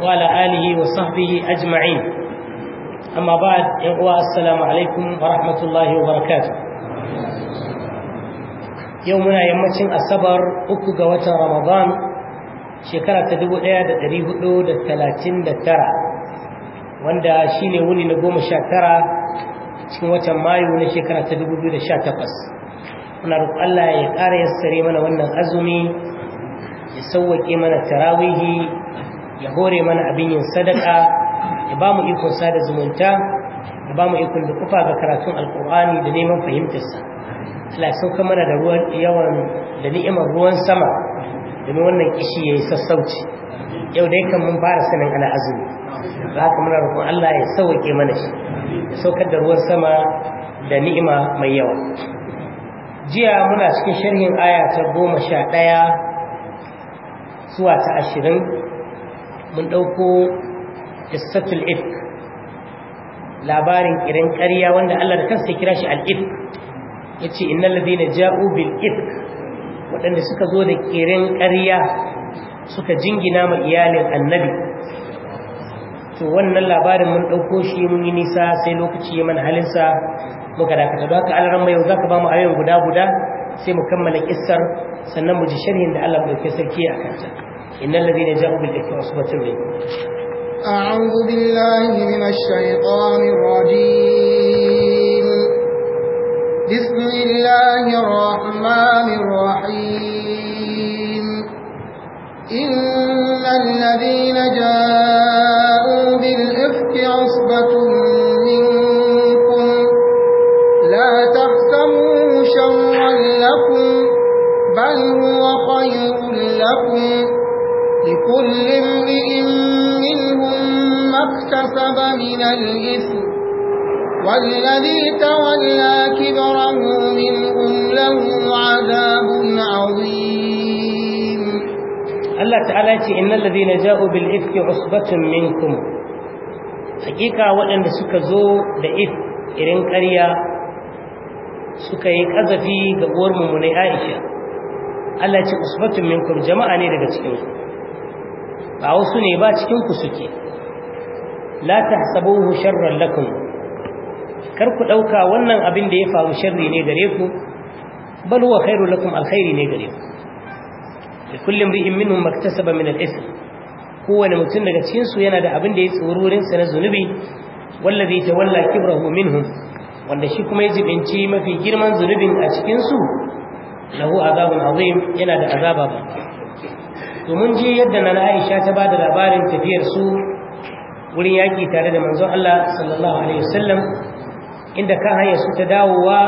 wala alihi wa sahbihi ajma'in amma ba'd yan uwa assalamu alaikum wa rahmatullahi wa barakatuh yau muna yammacin asabar uku ga watan ramadan shekara ta dubu ɗaya da ɗari hudu da talatin da tara wanda shi ne na goma sha tara cikin watan mayu na shekara ta dubu biyu da sha takwas muna roƙon allah ya ƙara yassare mana wannan azumi ya sauwaƙe mana tarawihi ya hore mana abin yin sadaka ya ba mu ikon sada zumunta ya ba mu ikon da kufa ga karatun alkur'ani da neman fahimtarsa Allah ya sauka mana da ruwan yawan da ni'imar ruwan sama domin wannan kishi ya yi sassauci yau dai yakan mun fara sanin ana azumi za ka muna roƙon Allah ya sauke mana shi ya saukar da ruwan sama da ni'ima mai yawa jiya muna cikin sharhin ayata goma sha ɗaya zuwa ta ashirin mun ɗauko ƙissatul if labarin irin ƙarya wanda Allah da kansa ya kira shi al-if ya ce inna ladina ja'u bil if waɗanda suka zo da ƙirin ƙarya suka jingina ma iyalin annabi to wannan labarin mun ɗauko shi mun yi nisa sai lokaci ya mana halinsa muka dakata don haka alaran mai yau za ka ba mu ayon guda guda sai mu kammala kissar sannan mu ji sharhin da Allah kai sarki a kanta إن الذين جاءوا بالإفك عصبة منكم أعوذ بالله من الشيطان الرجيم بسم الله الرحمن الرحيم إن الذين جاءوا بالإفك عصبة منكم لا تحسبوا شرا لكم بل هو خير لكم لكل امرئ منهم ما اكتسب من الإثم والذي تولى كبره منهم له عذاب عظيم الله تعالى إن الذين جاءوا بالإفك عصبة منكم حقيقة وأن سكزوا لإفك إرن قرية suka yi ƙazafi ga uwar mummunai aisha عصبة منكم usbatun minkum jama'a ba wasu ne ba cikin ku suke la tahsabuhu sharran lakum kar ku dauka wannan abin da ya faru sharri ne gare ku bal huwa khairu lakum alkhairi ne gare ku kullum ri'in minhum maktasaba min al-ithm kowane mutum daga cikin su yana da abin da ya tsorurin sa na zunubi wallazi tawalla kibrahu minhum wanda shi kuma ya jibinci mafi girman zunubin a cikin su lahu azabun azim yana da azaba ba. domin ji yadda na aisha ta ba da labarin tafiyar su wurin yaki tare da manzon Allah sallallahu alaihi wasallam inda ka hanyar su ta dawowa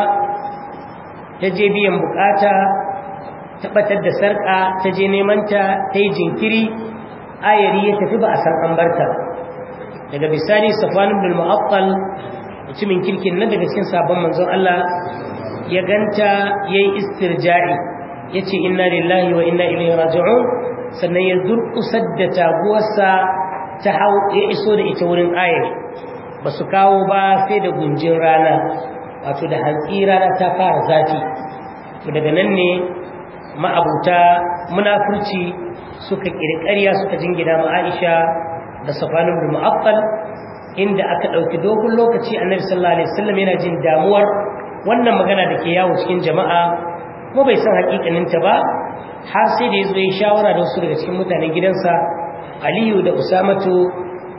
ta je biyan bukata tabbatar da sarƙa ta je nemanta ta yi jinkiri ayari ya tafi ba a san an barta daga bisani safwan ibn muattal mutumin kirkin nan daga cikin sabon manzon Allah ya ganta yayi istirja'i yace inna lillahi wa inna ilaihi raji'un sannan ya durkusar da taguwarsa ta hau ya iso da ita wurin ayar ba su kawo ba sai da gunjin rana wato da hantsi rana ta fara zafi to daga nan ne ma'abuta munafurci suka kirkariya suka jingina ma Aisha da safanin da Mu'attal inda aka ɗauki dogon lokaci Annabi sallallahu alaihi wasallam yana jin damuwar wannan magana da ke yawo cikin jama'a ko bai san hakikanin ba har sai da ya zo ya shawara da wasu daga cikin mutanen gidansa aliyu da usamatu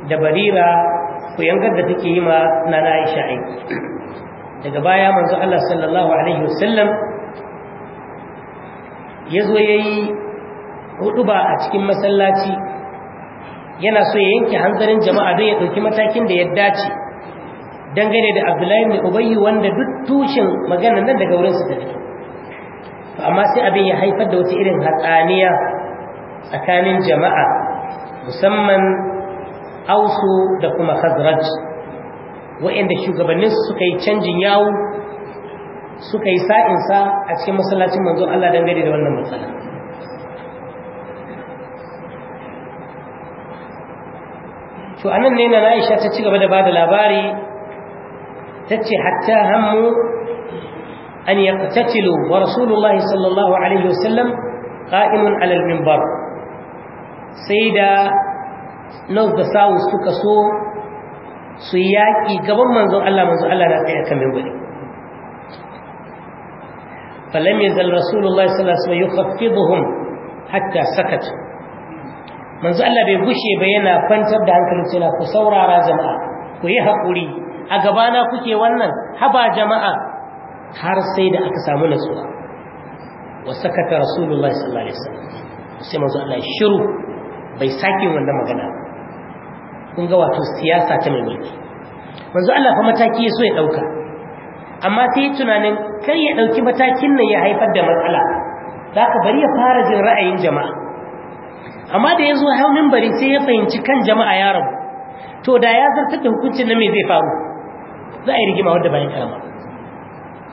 da barira ku yangar da take yi ma na aisha aiki daga baya manzo allah sallallahu alaihi wasallam ya zo ya yi huduba a cikin masallaci yana so ya yanke hanzarin jama'a don ya ɗauki matakin da ya dace dangane da abdullahi mai ubayi wanda duk tushen maganar nan daga wurinsa ta fito amma sai abin ya haifar da wata irin hatsaniya tsakanin jama'a musamman ausu da kuma khazraj wa'inda shugabannin suka yi canjin yawo suka yi sa'insa a cikin masallacin manzo Allah dangane da wannan matsala to anan ne na Aisha ta ci gaba da bada labari tace hatta hammu أن يقتتلوا ورسول الله صلى الله عليه وسلم قائم على المنبر سيدا نوز دساو سكسو سياكي قبل منظر الله منظر الله لا تأكل من ولي فلم يزل رسول الله صلى الله عليه وسلم يخفضهم حتى سكت manzo Allah bai gushe ba yana kwantar da hankalin suna ku saurara jama'a ku yi hakuri a gabana kuke wannan haba jama'a har sai da aka samu nasuwa wa sakata rasulullahi sallallahu alaihi wasallam sai manzo Allah shiru bai sake wannan magana kun ga wato siyasa ta mai mulki manzo Allah fa mataki ya so ya dauka amma sai tunanin kai ya dauki matakin nan ya haifar da matsala zaka bari ya fara jin ra'ayin jama'a amma da yazo hau bari sai ya fahimci kan jama'a ya rabu to da ya zartar da hukuncin nan me zai faru za a yi rigima wadda bayan karama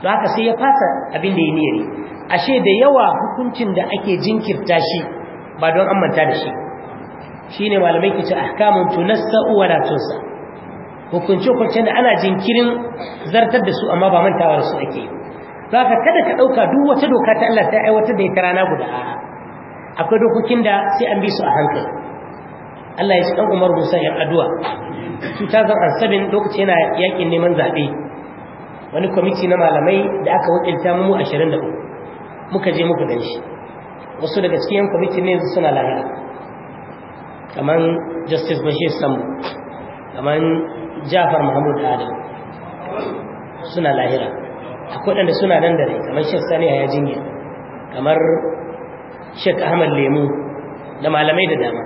To haka sai ya fasa abin da ya niyari ashe da yawa hukuncin da ake jinkirta shi ba don an manta da shi shine malamai ke ci ahkamun tunassa'u wa la tunsa hukunci ko da ana jinkirin zartar da su amma ba mantawa su ake To zaka kada ka dauka duk wata doka ta Allah ta aiwatar da ita rana guda akwai dokokin da sai an bi su a hankali Allah ya ci dan Umar Musa ya addu'a 2007 lokacin yana yakin neman zabe wani kwamiti na malamai da aka wakilta mu 23 muka je muka gani shi wasu daga cikin yan kwamiti ne suna lahira kamar justice bashir sambo kamar jafar mahmud adam suna lahira akwai waɗanda suna nan da rai kamar shek sani ya yi kamar shek ahmad lemu da malamai da dama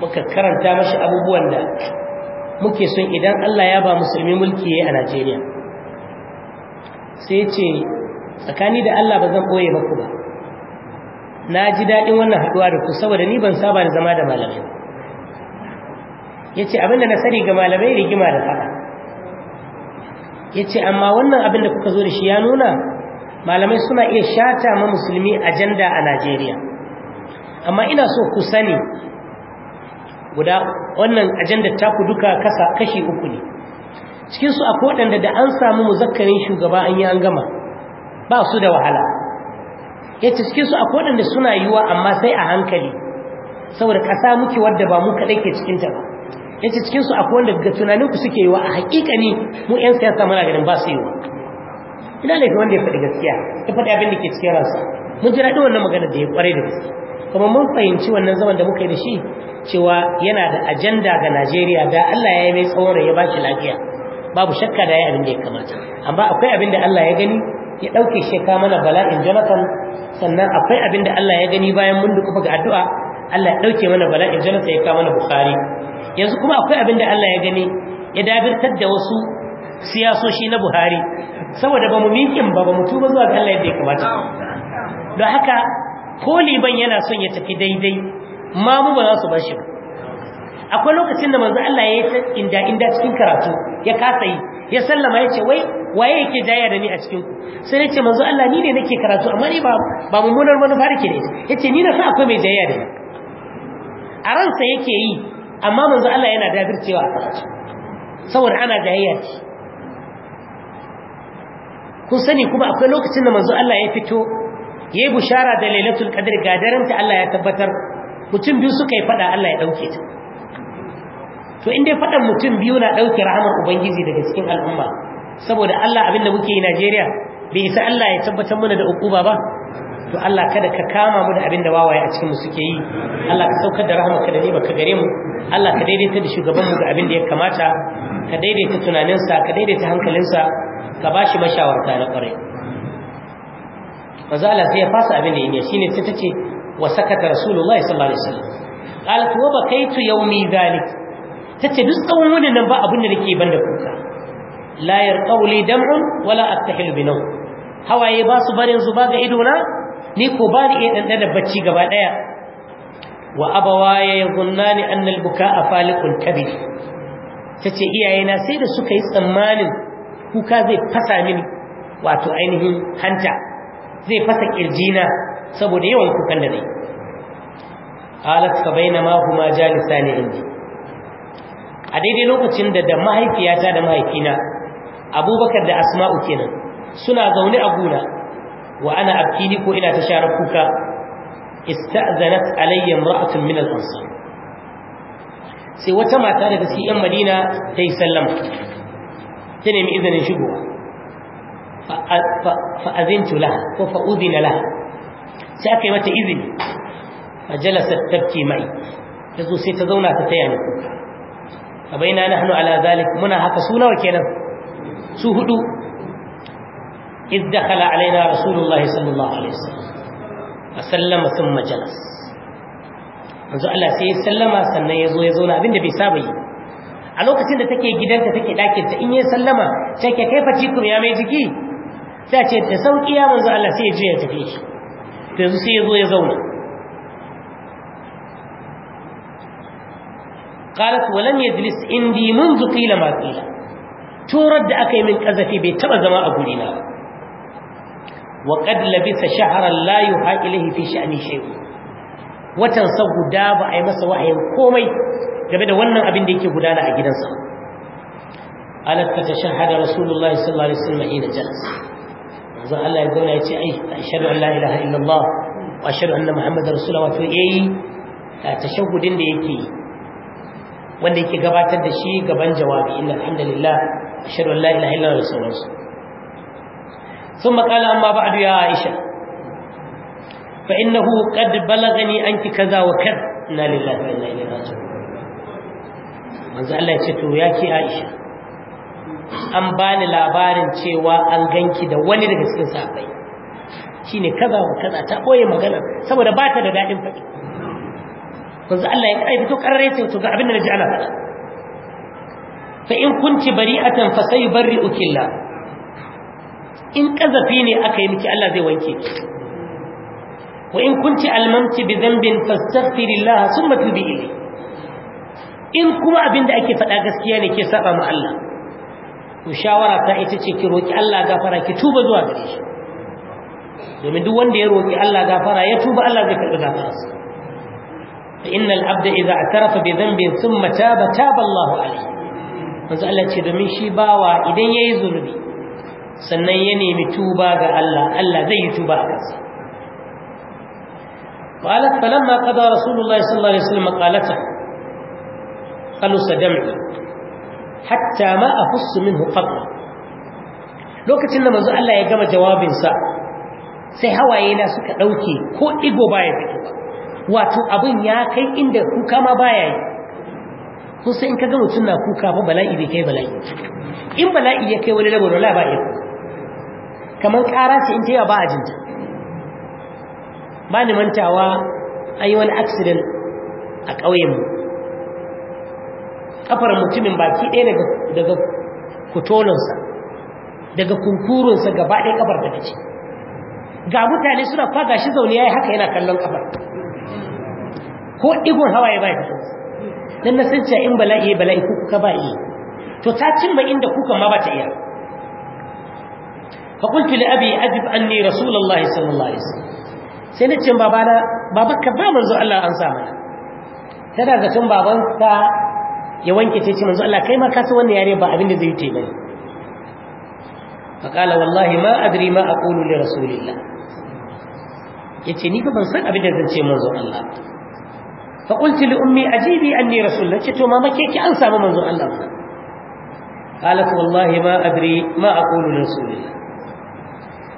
muka karanta mashi abubuwan da muke son idan allah ya ba musulmi mulki ya yi a najeriya sai ce tsakani da Allah ba zan boye maku ba na ji daɗin wannan haɗuwa da ku saboda ni ban saba da zama da malamai ya ce abinda na sani ga malamai rigima da faɗa ya ce amma wannan abin da kuka zo da shi ya nuna malamai suna iya shata ma musulmi ajanda a najeriya amma ina so ku sani guda wannan ajandar taku duka kashi uku ne cikin su akwai waɗanda da an samu muzakkarin shugaba an yi an gama ba su da wahala ya ci cikin su akwai waɗanda suna yiwa amma sai a hankali saboda ƙasa muke wadda ba mu kaɗai ke cikin ta ba ya ci cikin su akwai wanda ga tunanin ku suke yiwa a hakikani mu 'yan siyasa muna ganin ba su yiwa ina laifin wanda ya faɗi gaskiya ya faɗi abin da ke cikin ransa mun ji daɗin wannan magana da ya ƙware da gaske kuma mun fahimci wannan zaman da muka yi da shi cewa yana da ajanda ga najeriya da allah ya yi mai tsawon ya ba shi lafiya babu shakka da yayin da ya kamata amma akwai abin da Allah ya gani ya dauke shi ka mana bala'in Jonathan sannan akwai abin da Allah ya gani bayan mun duka ga addu'a Allah ya dauke mana bala'in Jonathan ya ka mana Bukhari yanzu kuma akwai abin da Allah ya gani ya dabirtar da wasu siyasoshi na Buhari saboda ba mu mikin ba ba mu tuba zuwa ga Allah yadda ya kamata don haka koli ban yana son ya tafi daidai ma mu ba za su bar shi ba akwai lokacin da manzo Allah ya yi inda inda cikin karatu ya kasa yi ya sallama ya ce wai waye yake jaya da ni a cikin ku sai ya ce manzo Allah ni ne nake karatu amma ni ba ba mummunar manufa da ke da ya ce ni na sa akwai mai jaya da ni a ransa yake yi amma manzo Allah yana dafircewa a karatu saboda ana jayayya ce kun sani kuma akwai lokacin da manzo Allah ya fito yayi bushara da lailatul qadr gadaranta Allah ya tabbatar mutum biyu suka yi fada Allah ya dauke ta to in dai faɗan mutum biyu na ɗauki rahamar ubangiji daga cikin al'umma saboda Allah abin da muke yi Najeriya bai isa Allah ya tabbatar mana da ukuba ba to Allah kada ka kama mu da abin da wawaye a cikin mu suke yi Allah ka saukar da ka da ka gare mu Allah ka daidaita da shugaban mu ga abin da ya kamata ka daidaita tunaninsa ka daidaita hankalinsa ka bashi mashawarta na kwarai manzo Allah sai ya fasa abin da yake shine sai tace wa sakata rasulullahi sallallahu alaihi wasallam qalat wa bakaitu yawmi dhalik tace duk tsawon wannan nan ba abin da nake ban da kuka Layar yarqawli dam'un wala astahil bi naw hawaye ba su barin zuba ga ido na ni ko ba ni dan da bacci gaba daya wa annal ni an al-bukaa faliqun kabir tace na sai da suka yi tsammanin kuka zai fasa mini wato ainihin hanta zai fasa na saboda yawan kukan da nayi qalat fa bainama huma jalisani indi a daidai lokacin da da mahaifiyata da mahaifina abubakar da asma'u kenan suna zaune a gona wa ana abkini ko ina ta share kuka ista'zanat alayya imra'atun min al-ansar sai wata mata daga cikin yan madina ta yi sallama ta nemi izinin shigowa fa'azintu laha ko fa'udina laha sai aka yi mata izini a jalasar tafki mai ta zo sai ta zauna ta taya ni kuka a bai na hannu ala zalik muna haka su kenan su hudu idh dakhala alaina rasulullah sallallahu alaihi wasallam sallama sun jalas manzo Allah sai ya sallama sannan ya zo ya zauna abinda bai saba yi a lokacin da take gidanta take dakin ta in ya sallama sai ke kaifa cikum ya mai jiki sai ce ta sauƙi ya manzo Allah sai ya je ya tafi to yanzu sai ya zo ya zauna qalat wa lam yajlis indi منذ قيل ما قيل turar da aka yi min ƙazafi bai taba zama a guri na wa qad labisa shahran la yuha ilayhi fi sha'ni shay'u watan sa guda ba a yi masa wahayin komai game da wannan abin da yake gudana a gidansa alat ta tashahhada rasulullahi sallallahu alaihi wasallam hina jalas manzo Allah ya zauna ya ce ai ashhadu an la ilaha wato da yake yi wanda yake gabatar da shi gaban jawabi inna alhamdulillah ashhadu an la ilaha illallah wa sauransu ثم قال أما بعد يا عائشة فإنه قد بلغني أنت كذا وكذا إنا لله وإنا إليه راجعون manzo Allah ya ce to ya ki Aisha an bani labarin cewa an ganki da wani daga cikin sahabbai shine kaza wa kaza ta boye magana saboda ba ta da dadin faɗi manzo Allah ya kai fito karare sai to ga abin da naji ana faɗa fa in kunti bari'atan fa sayubarri'uki Allah in kazafi ne aka yi miki Allah zai wanke ki wa in kunti almamti bi dhanbin fastaghfirillah thumma tubi ilayhi in kuma abinda ake faɗa gaskiya ne ke saba ma Allah to shawara ta ita ce ki roki Allah gafara ki tuba zuwa gare shi domin duk wanda ya roki Allah gafara ya tuba Allah zai karɓi gafararsa fa innal abda idza atarafa bi dhanbin thumma taba taba Allah alayhi manzo Allah ce domin shi bawa idan yayi zurbi sannan ya nemi tuba ga Allah Allah zai yi tuba a kansa قالت فلما قضى رسول الله صلى الله عليه وسلم قالته قالوا سدمعي حتى ما أفص منه قطرة lokacin da manzo Allah ya gama jawabinsa sai hawaye na suka dauke ko digo baya fito wato abin ya kai inda kuka ma baya yi kun sai in ka ga mutum na kuka ba bala'i bai kai bala'i in bala'i ya kai wani labar wala ba ya kamar kara ce in ta yawa ba a jinta ba ni mantawa an yi wani accident a ƙauyenmu kafar mutumin baki ɗaya daga kutononsa daga kunkurunsa gaba ɗaya kafar da ta ce ga mutane suna faga shi zaune ya yi haka yana kallon kafar ko digon hawaye bai fito dan na san cewa in bala'i bala'i ku kuka ba yi to ta cimma inda kuka ma ba ta iya fa qultu li abi ajib anni rasulullah sallallahu alaihi wasallam sai na ce babana babanka ba manzo Allah an sa mana tana ga tun babanka ya wanke ce ce manzo Allah kai ma ka san wannan yare ba abin da zai yi bane fa qala wallahi ma adri ma aqulu li rasulillah yace ni ba ban san abin da zan ce manzo Allah ba. fa qultu li ummi ajibi anni rasulullah ce to mama ke ki an samu manzon Allah qalat wallahi ma adri ma aqulu li rasulillah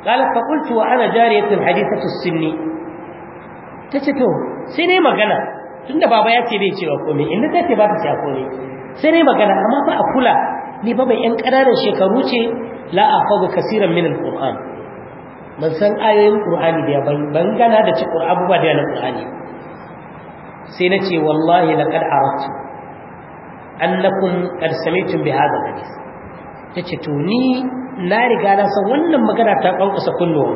qalat fa qultu wa ana jariyatun hadithatu sinni tace to sai ne magana tunda baba ya ce bai cewa komai inda tace ba ta komai sai magana amma a kula ni ba yan kananan shekaru ce la afazu kasiran min alquran ban san ayoyin qur'ani da ban gana da ci qur'ani ba da qur'ani sai na ce wallahi na laqad aratu annakum qad sami'tum bi hadha Ta ce to ni na riga na san wannan magana ta kankusa kullum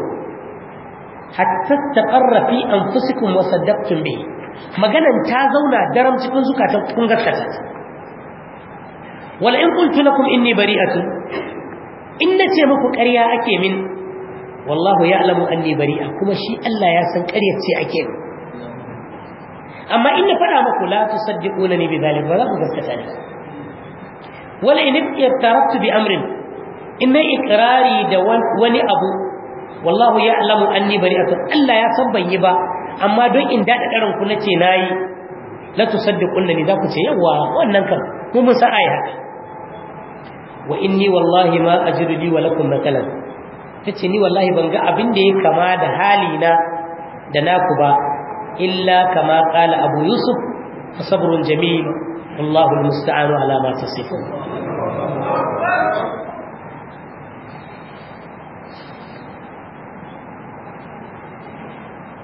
hatta taqarra fi anfusikum wa saddaqtum bi maganan ta zauna daram cikin ta kun gaskata wala in qultu lakum inni bari'atu in na ce muku ƙarya ake min wallahu ya ya'lamu anni bari'a kuma shi Allah ya san ƙaryar ce ake min amma in na faɗa muku la tusaddiquna ni bidhalik ba za ku gaskata ni wala in iqtarabtu bi amrin in na iqrari da wani abu wallahu ya'lamu anni bari'atun Allah ya san ban yi ba amma don in dada karin ku nace nayi la tusaddiquna ni za ku ce yawa wannan kan mu mun san ayi haka wa inni wallahi ma ajidu li wa lakum matalan tace ni wallahi ban ga abin da ya kama da halina da naku ba illa kama qala abu yusuf sabrun jamil wallahu almusta'anu ala ma tasifun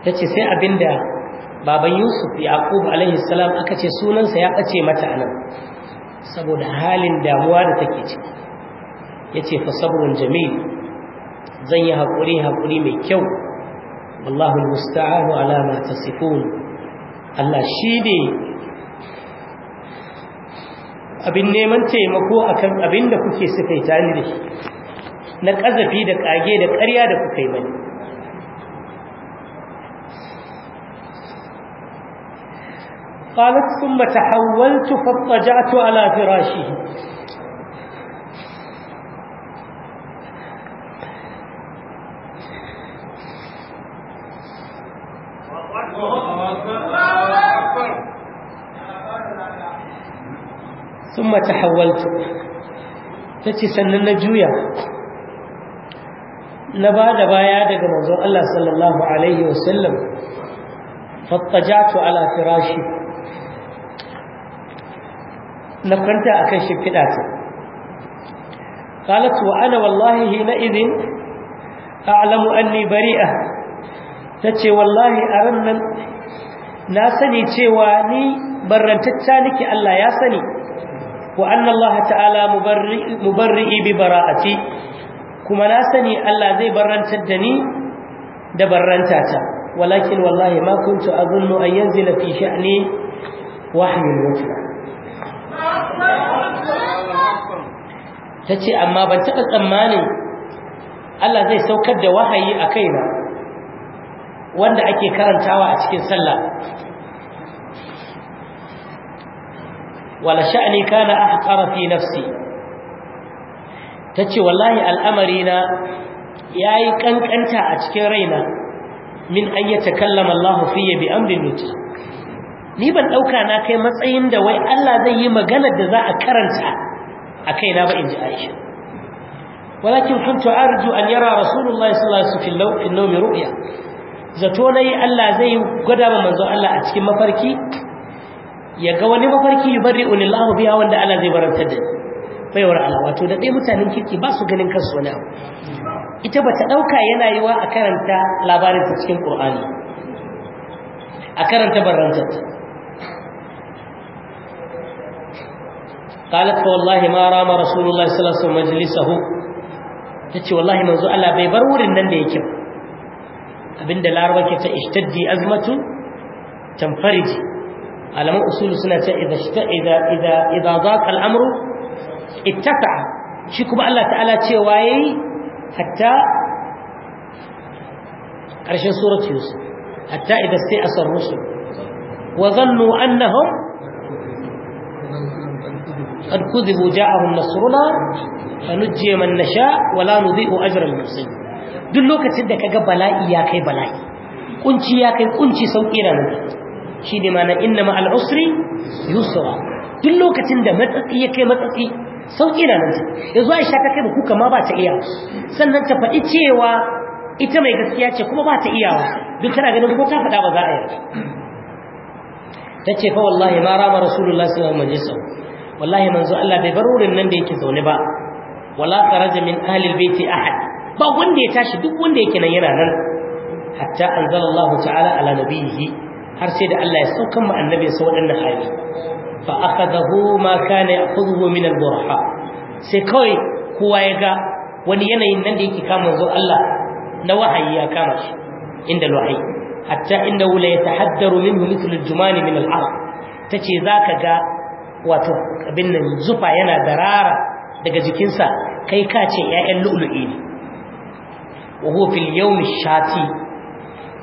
yace sai abinda baban yusuf yaqub alaihi salam aka ce sunansa ya bace mata anan saboda halin damuwa da take ciki yace fa sabrun jamil zan yi hakuri hakuri mai kyau wallahu musta'anu ala ma tasifun Allah shine abin neman taimako akan abin da kuke sifaita ni da na kazafi da kage da ƙarya da kuka yi mani قالت ثم تحولت فاضطجعت على فراشي thumma tahawwaltu tace sannan na juya na ba baya daga manzon Allah sallallahu alaihi wasallam fattajatu ala firashi na kwanta akan shimfiɗa ta qalat wa ana wallahi hina idin a'lamu bari'a tace wallahi a ran nan na sani cewa ni barrantacca nake Allah ya sani wa anna Allah ta'ala mubarri'i bi bara'ati kuma na sani Allah zai barrantar da ni da barranta ta walakin wallahi ma kuntu azunnu an yanzila fi sha'ni wahyul wutla tace amma ban taɓa tsammanin Allah zai saukar da wahayi a kai kaina wanda ake karantawa a cikin sallah wala sha'ani kana ahqara fi nafsi tace wallahi al'amari na yayi kankanta a cikin raina min an yatakallama Allah fiye bi amrin nuti ni ban dauka na kai matsayin da wai Allah zai yi magana da za a karanta a kaina ba ji Aisha walakin kuntu arju an yara rasulullahi sallallahu alaihi wasallam fi an-nawmi ru'ya zato nayi Allah zai gwada ma manzo Allah a cikin mafarki ya ga wani mafarki yubari ulillahu biya wanda Allah zai barantar da baiwar Allah wato da dai mutanen kirki ba su ganin kansu wani abu ita bata dauka yana yiwa a karanta labarin ta cikin Qur'ani a karanta barantar قالت والله ما رام رسول الله صلى الله عليه وسلم مجلسه tace wallahi manzo Allah bai bar wurin nan da yake abinda laraba ke ta ishtaddi azmatu tamfariji alaman usul suna ce idza zaqa al'amru ittaka shi kuma Allah ta'ala cewa yayi hatta ƙarshen surat yusuf idan sai a ar-rusul wa dhannu annahum قد كذبوا جاءهم نصرنا فنجي من نشاء ولا نضيء أجر المحسنين duk lokacin da kaga bala'i ya kai bala'i kunci ya kai kunci sauƙi na nan shi ne mana inna ma'al usri yusra duk lokacin da matsatsi ya kai matsatsi sauƙi na nan yanzu aisha ta kai da kuka ma ba ta iya sannan ta faɗi cewa ita mai gaskiya ce kuma ba ta iyawa duk tana ganin ko ta faɗa ba za a yarda ta ce fa wallahi ma rama rasulullahi sallallahu alaihi wasallam wallahi manzo Allah bai bar wurin nan da yake zaune ba wala kharaja min ahli albayti ahad ba wanda ya tashi duk wanda yake nan yana nan hatta anzalallahu ta'ala ala nabiyhi har sai da Allah ya saukan ma annabi sa waɗannan hali fa akhadahu ma kana ya'khudhu min al-burha sai kawai kowa ya ga wani yanayin nan da yake kama zo Allah na wahayi ya kama shi inda wahayi hatta inda la yatahaddaru minhu mithl al-jumani min al-ard tace zaka ga wato abin nan zufa yana darara daga jikinsa kai ka ce 'ya'yan lu'lu'i ne wa huwa fil yawmi shati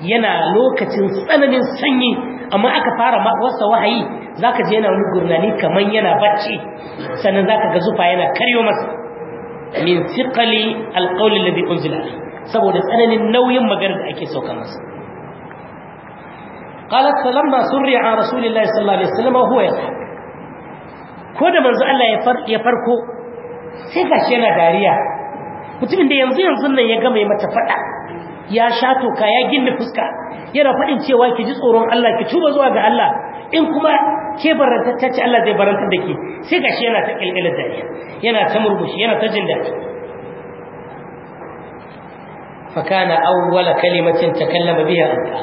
yana lokacin tsananin sanyi amma aka fara wasa wahayi ka je yana wani gurnani kamar yana bacci sannan ka ga zufa yana karyo masa min thiqali da alladhi unzila saboda tsananin nauyin maganar da ake sauka masa qalat falamma surri an rasulillahi sallallahu alaihi wasallam huwa ko da manzo Allah ya farko sai gashi yana dariya mutumin da yanzu yanzu nan ya ga mai mata fada ya sha toka ya gina fuska yana faɗin cewa ki ji tsoron Allah ki tuba zuwa ga Allah in kuma ke barantacce ce Allah zai barantar da ke sai ga shi yana ta ƙilƙilar dariya yana ta murmushi yana ta jin daɗi fakana awwala kalimatin kallama biya anta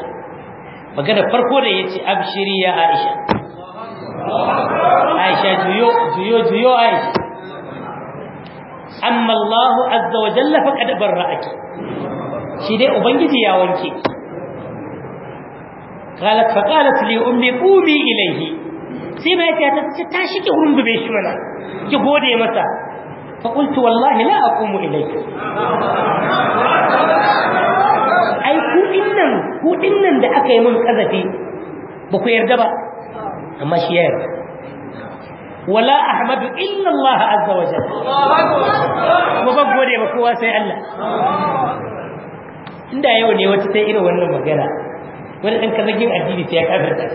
magana farko da ce abshiri ya Aisha Aisha juyo juyo juyo Aisha amma Allah azza wa jalla faqad barra'aki shi dai ubangiji ya wanke qalat fa qalat li ummi qumi ilayhi sai mai ta ce ta shike rungume shi mana ki gode masa fa qultu wallahi la aqumu ilayhi ai ku dinnan ku dinnan da aka yi mun kazafi ba ku yarda ba amma shi ya yarda wala ahmadu illa Allah azza wa jalla ba ba gode ba kowa sai Allah inda yau ne wata sai irin wannan magana wani ɗan kazagin addini sai ya kafirta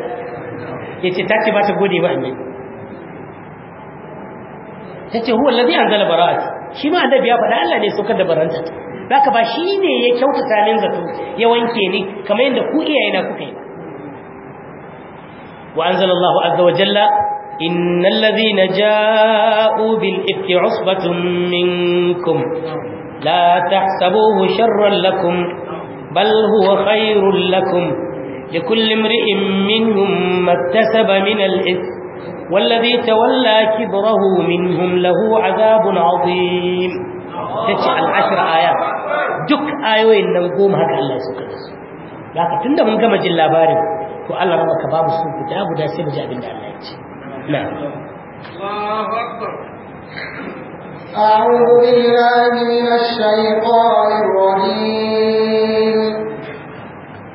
ya ce ta ce ba ta gode ba annabi ta ce huwa ladhi anzala bara'at shi ma annabi ya faɗa Allah ne saukar da baranta zaka ba shi ne ya kyautata min zato ya wanke ni kamar yadda ku iyayena kuka yi wa anzalallahu azza wa jalla إن الذين جاءوا بالإفك عصبة منكم لا تحسبوه شرا لكم بل هو خير لكم لكل امرئ منهم ما اكتسب من الإثم والذي تولى كبره منهم له عذاب عظيم تتشع العشر آيات دك آيوين نوقوم هكا الله سكرس لكن تندى كما جل الله بارد فقال ربك باب السوق كتاب ودا سيبجع بالله الله نعم الله أكبر أعوذ بالله من الشيطان الرجيم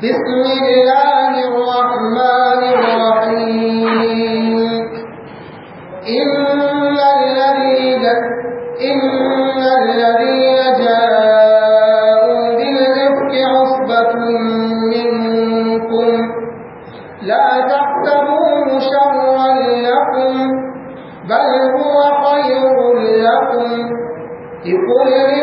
بسم الله الرحمن الرحيم إن الذين إن الذين جاءوا بالرفق عصبة منكم لا تحسبوه شرا لكم بل هو خير لكم لكل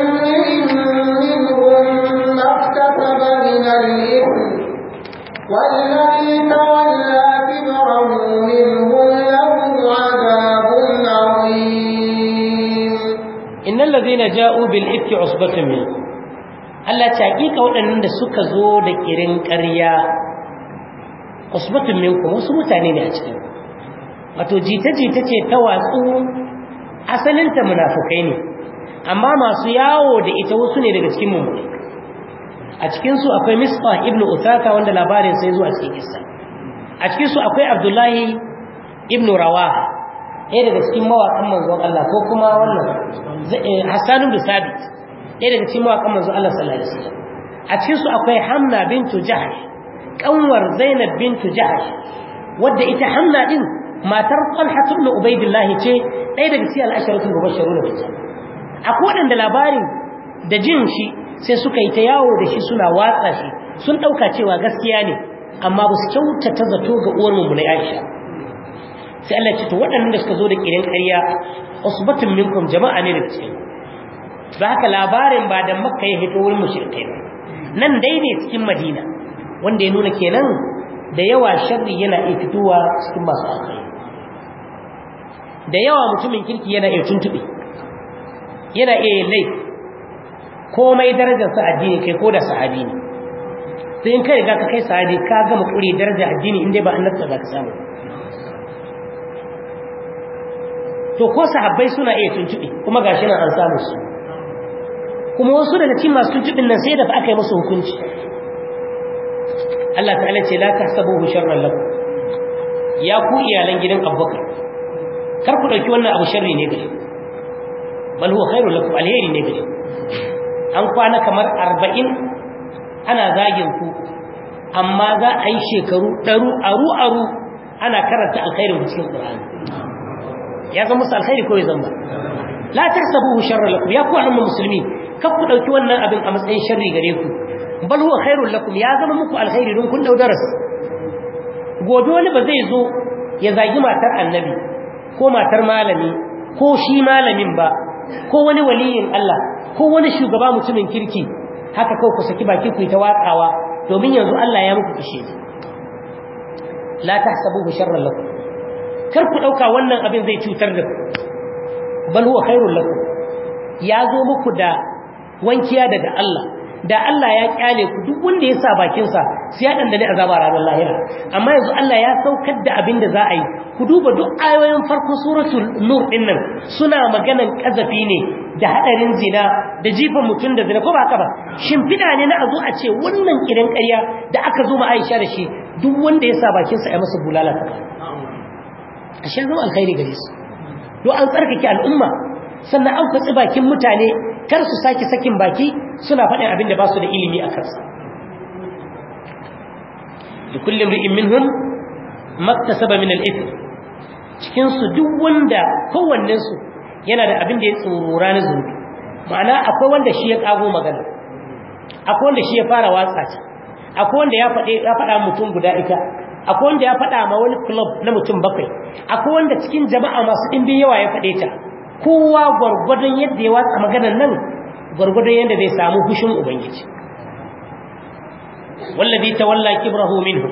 Innan lazina ja'u bil ifki usbatun min Allah ta hakika waɗannan da suka zo da ƙirin ƙarya usbatun minkum wasu mutane ne a cikin wato jita-jita ce ta watsu asalinta munafukai ne amma masu yawo da ita wasu ne daga cikin mummuni a cikinsu akwai misfa ibn uthaka wanda labarin sai zuwa cikin isa a cikinsu akwai abdullahi ibn rawa ɗaya daga cikin mawaƙan manzon Allah ko kuma wannan eh, hassan ibn sabit ɗaya daga cikin mawaƙan manzon Allah sallallahu alaihi wasallam a cikinsu akwai hamna bintu jahsh kanwar zainab bintu jahsh wadda ita hamna din matar talha ibn ubaidillah ce ɗaya daga cikin al-asharatul mubashshirun bil janna akwai wanda labarin da jin shi sai suka yi ta yawo da shi suna watsa shi sun ɗauka cewa gaskiya ne amma ba su kyautata zato ga uwar na aisha sai Allah ce to waɗannan da suka zo da ƙirin ƙarya usbatun minkum jama'a ne da cikin ba haka labarin ba da makka ya hito wurin mushrikai ba nan dai ne cikin madina wanda ya nuna kenan da yawa sharri yana iya fitowa cikin masu alkhairi da yawa mutumin kirki yana iya tuntuɓe yana iya yin laifi komai darajar addini kai ko da sahabi ne sai in kai ga ka kai sahabi ka gama kure daraja addini inda ba annabta za ka samu to ko sahabbai suna iya tuntuɓe kuma gashi na an samu su kuma wasu daga cikin masu tuntuɓin nan sai da aka yi musu hukunci Allah ta'ala ce la tahsabuhu sharran lakum ya ku iyalan gidan Abubakar kar ku dauki wannan abu sharri ne gare bal huwa khairu lakum alheri ne gare an kwana kamar arba'in ana zagin ku amma za a yi shekaru ɗaru aru aru ana karanta alkhairin cikin ƙur'ani ya zama musu alkhairi ko ya zama la tahsabuhu sharran lakum ya ku al'ummar musulmi kar ku ɗauki wannan abin a matsayin sharri gare ku bal huwa lakum ya zama muku alkhairi don kun dau darasi gobe wani ba zai zo ya zagi matar annabi ko matar malami ko shi malamin ba ko wani waliyin Allah ko wani shugaba mutumin kirki haka kawai ku saki baki ku yi ta watsawa domin yanzu Allah ya muku kishe la tahsabuhu sharran lakum kar ku dauka wannan abin zai cutar da ku bal huwa khairul lakum ya zo muku da wankiya daga Allah da Allah ya kyale ku duk wanda ya sa bakinsa sai ya dandane azaba ranar lahira amma yanzu Allah ya saukar da abin da za a yi ku duba duk ayoyin farko suratul nur din nan suna maganan kazafi ne da hadarin zina da jifan mutum da zina ko ba ka ba shimfiɗa ne na a zo a ce wannan kiran ƙarya da aka zo ma Aisha da shi duk wanda ya sa bakinsa ya masa bulala ta ashe zo alkhairi gare su do an tsarkake al'umma sannan an kutsi bakin mutane kar su sake sakin baki suna faɗin abin da ba su da ilimi a kansa da kullum ri'in minhum saba min al-ithm duk wanda kowannen yana da abin da ya tsorora na zunubi ma'ana akwai wanda shi ya kago magana akwai wanda shi ya fara watsa ci akwai wanda ya ya faɗa mutum guda ita akwai wanda ya faɗa ma wani club na mutum bakwai akwai wanda cikin jama'a masu ɗimbin yawa ya faɗe ta kowa gwargwadon yadda ya watsa maganar nan gwargwadon yadda zai samu hushin ubangiji ta ta kibrahu minhu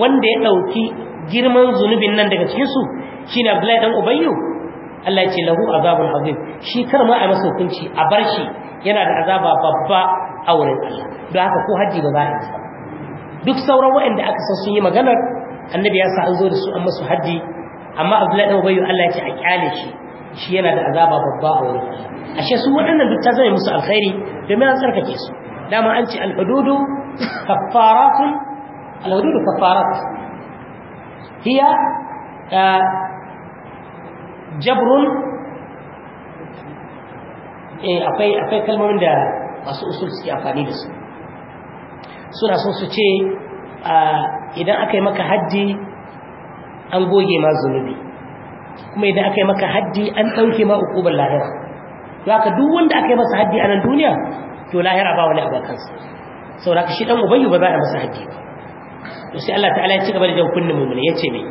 wanda ya ɗauki girman zunubin nan daga cikinsu, shi na Abdullahi dan Ubayyu Allah ce lahu azabun hazin shi kar ma a masa hukunci a bar shi yana da azaba babba a wurin Allah don haka ko hajji ba za a yi duk sauran waɗanda aka san sun yi maganar annabi ya sa an zo da su an masu hajji, amma Abdullahi dan Ubayyu Allah ya ce a kyale shi shi yana da azaba babba a wurin ashe su waɗannan duk ta zai musu alkhairi domin an tsarkake su dama an ce alhududu kaffaratun alhududu kaffarat hiya jabrun eh akwai akwai kalmomin da masu usul suke amfani da su suna son su ce idan aka yi maka hajji an goge ma zunubi kuma idan aka yi maka haddi an ɗauke ma ukubar lahira to haka duk wanda aka yi masa haddi a nan duniya to lahira ba wani abu a kansa ka shi dan ubayyu ba za a masa haddi ba to sai Allah ta'ala ya ci gaba da jan kunnin mu'mini yace me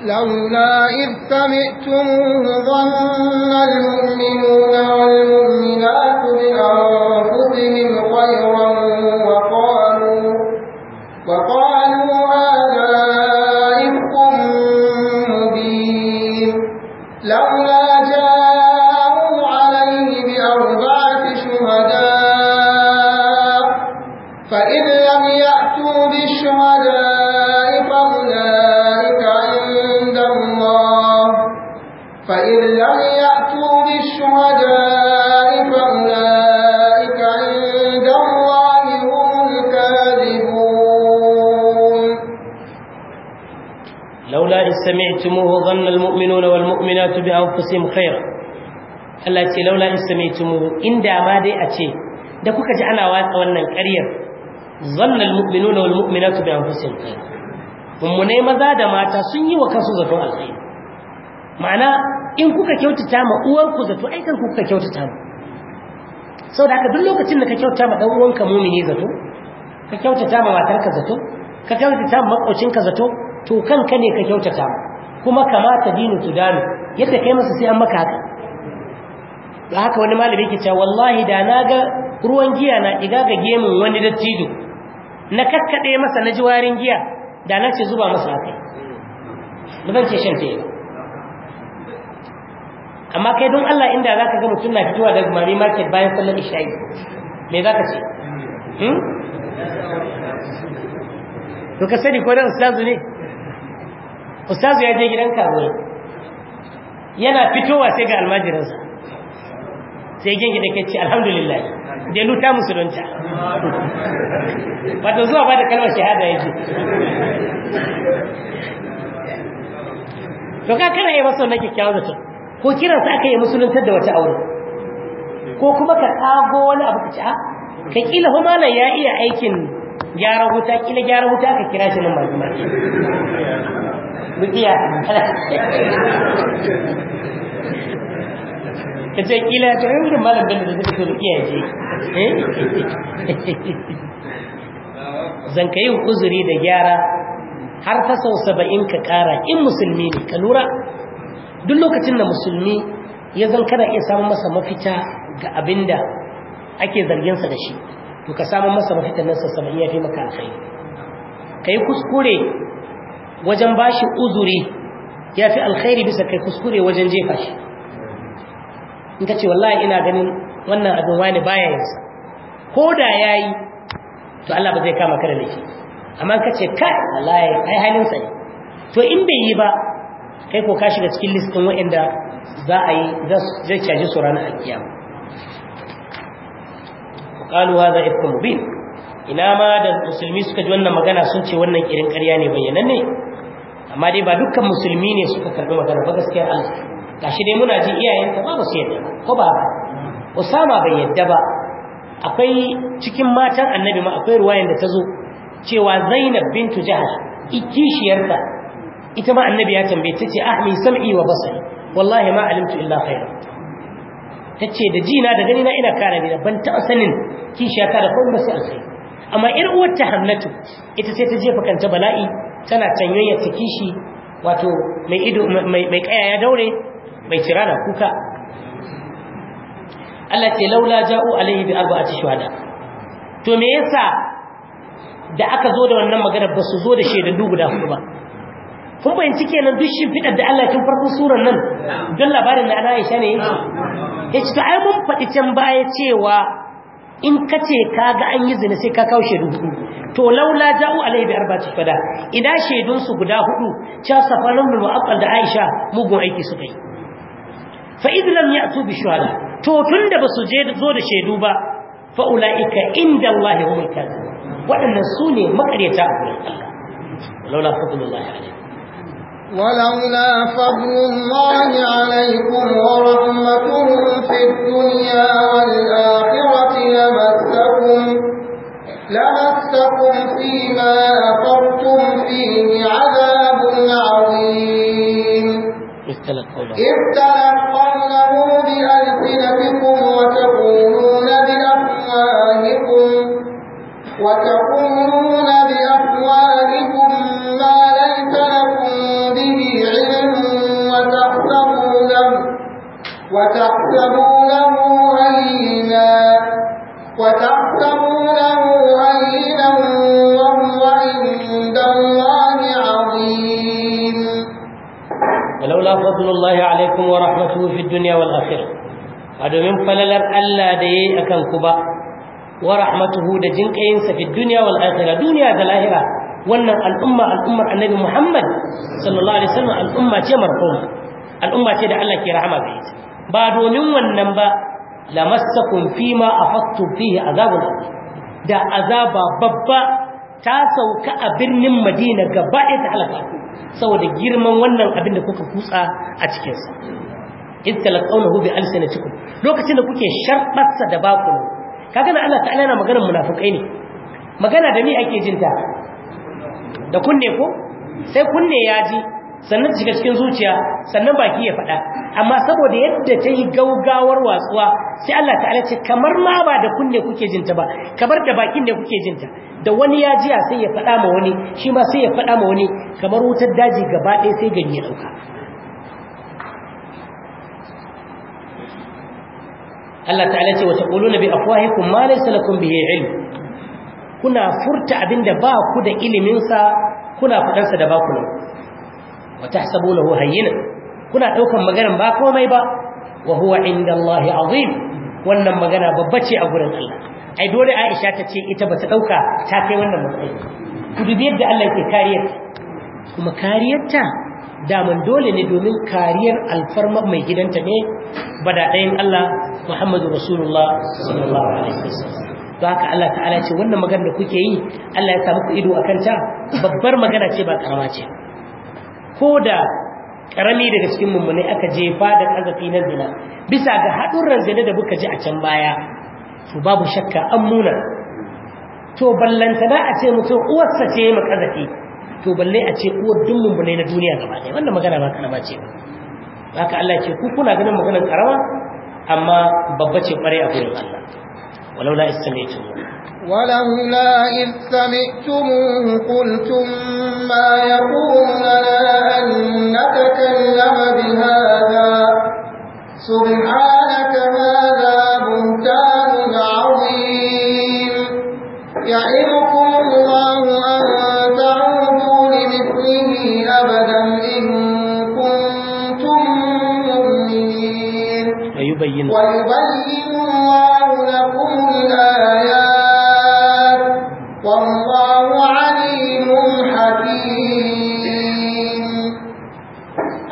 لولا إذ سمعتموه ظن المؤمنون والمؤمنات بأنفسهم خيرا وقالوا ظن المؤمنون والمؤمنات بأنفسهم خيرا Allah ce لولا in samaitumu ان ma dai a ce da kuka ji ana watsa wannan ƙaryar zannal mu'minuna wal mu'minatu bi anfusihim khayr mummunai maza da mata sun yi wa kansu zato alkhairi ma'ana in kuka kyautata ma uwar ku zato ai kan kuka kyautata ma saboda haka duk lokacin da ka kyautata ma dan uwanka mumini zato ka kyautata ma matarka zato ka kyautata ma makocinka zato to kanka ne ka kyautata ma kuma kamata dinu gano yadda kai masa sai an maka haka da haka wani malami yake cewa wallahi da na ga ruwan giya na iga ga gemun wani dattijo na kakkade masa na jiwarin giya da na ce zuba masa haka ba zan ce shan ta amma kai don Allah inda zaka ga mutum na fitowa daga mari market bayan sallar isha'i me zaka ce hmm? to ka sani ko da ustazu ne ustazu ya je gidan karuwa yana fitowa sai ga almajiransa sai gengi gida ke ce alhamdulillah da luta musulunta Wata zuwa ba da kalmar shahada ce to ka kana yi masa wannan da zato ko kiransa aka yi musuluntar da wata aure ko kuma ka tsago wani abu ka ah, ka kila humalan ya iya aikin gyara wuta kila gyara wuta aka kira shi nan ba mutiya ka ce kila ta yi wurin malam bello da suka so iya je eh? zanka uzuri da gyara har ta sau saba'in ka kara in musulmi ne ka lura duk lokacin da musulmi ya zan kana iya samun masa mafita ga abinda da ake zarginsa da shi to ka samun masa mafita nan saba'in ya fi maka alkhairi ka yi kuskure wajen bashi uzuri ya fi alkhairi bisa kai kuskure wajen jefa shi in ka ce wallahi ina ganin wannan abin wani baya yanzu. ko da ya yi to Allah ba zai kama ka da laifi amma ka ce kai wallahi ai halin sa to in bai yi ba kai ko ka shiga cikin listin waɗanda za a yi zai caji su ranar alkiyama kalu hadha ifkum mubin ina ma da musulmi suka ji wannan magana sun ce wannan irin ƙarya ne ne? amma dai ba dukkan musulmi ne suka karbi magana ba gaskiyar Allah gashi dai muna ji iyayenka ba su yadda ko ba Usama bai yadda ba akwai cikin matan annabi ma akwai ruwayan da ta zo cewa Zainab bintu Jahash ikishiyarta ita ma annabi ya tambaye ta ce ahmi sam'i wa basari wallahi ma alimtu illa khaira tace da jina da ganina ina kana ni ban taɓa sanin kishiyata da kuma sai alkhairi amma ƴar uwar ta hannatu ita sai ta jefa kanta bala'i tana tanyoyin ta kishi wato mai ido mai kaya ya daure mai tirana kuka Allah ce laula ja'u alaihi bi arba'ati shuhada to me yasa da aka zo da wannan magana ba su zo da shaidadu guda hudu ba kun bayanci kenan duk shimfiɗar da Allah tun farkon surar nan don labarin da ana Aisha ne ya ce to ai mun faɗi can baya cewa in ka ce ka ga an yi zina sai ka kawo shaidu hudu to laula ja'u alai bi arba'ati fada idan shaidun su guda hudu cha safarun bil mu'aqqal da Aisha mugun aiki suka yi fa id lam ya'tu bi shuhada to tunda ba su je zo da shaidu ba fa ulaika inda Allah wa kadhib wadannan su ne makaryata a gurin Allah laula fadlullahi alaihi ولولا فضل الله عليكم ورحمته في الدنيا والآخرة لمسكم لمسكم فيما أفضتم فيه عذاب عظيم إذ تلقونه بألسنتكم وتقولون duniya wal akhirah a domin falalar Allah da yayi akan ku ba wa rahmatuhu da jinkayin sa fi duniya wal akhirah duniya da lahira wannan al'umma al'ummar annabi Muhammad sallallahu alaihi wasallam al'umma ce marhuma al'umma ce da Allah ke rahama ga ita ba domin wannan ba lamassakum fima afattu fihi azabun da azaba babba ta sauka a birnin Madina gaba ɗaya ta halaka saboda girman wannan abin da kuka kutsa a cikinsa in talaqawnahu bi alsinatikum lokacin da kuke sharbatsa da baku kaga da Allah ta'ala yana maganar munafikai ne magana da ni ake jinta da kunne ko sai kunne ya ji sannan shiga cikin zuciya sannan baki ya faɗa amma saboda yadda ta yi gaugawar watsuwa sai Allah ta'ala ce kamar ma ba da kunne kuke jinta ba kamar da bakin ne kuke jinta da wani ya jiya sai ya fada ma wani shi ma sai ya faɗa ma wani kamar wutar daji gaba ɗaya sai ganye ɗauka Allah ta'ala ce wa taquluna bi afwahikum ma laysa lakum bihi ilm kuna furta abinda ba ku da ilimin sa kuna fadan sa da ba ku ne wa tahsabunahu hayyinan kuna daukan maganan ba komai ba wa huwa Allah azim wannan magana babba ce a gurin Allah ai dole Aisha ta ce ita ba ta dauka ta kai wannan matsayi ku dubi yadda Allah yake kariyarta kuma kariyarta daman dole ne domin kariyar alfarma mai gidanta ne bada ɗayan Allah muhammadu rasulullah sallallahu alaihi wasallam don haka Allah ta'ala ce wannan magana da kuke yi Allah ya samu ku ido akan ta babbar magana ce ba karama ce ko da karami daga cikin mummunai aka jefa da kazafi na zina bisa ga haɗurran zina da buka ji a can baya to babu shakka an muna to da a ce mutum uwarsa ce ma kazafi to balle a ce uwar duk mummunai na duniya gaba ɗaya wannan magana ba karama ce ba haka Allah ce ku kuna ganin maganar karama amma babbace kware a gurin Allah walau la istami'tu walau la istami'tu qultum ma yaqulu lana an natakallama bi hadha subhanaka hadha buntan azim ya'imukum Allah an ta'udu li mithlihi abada ويبين ويبين الله لكم الآيات والله عليم حكيم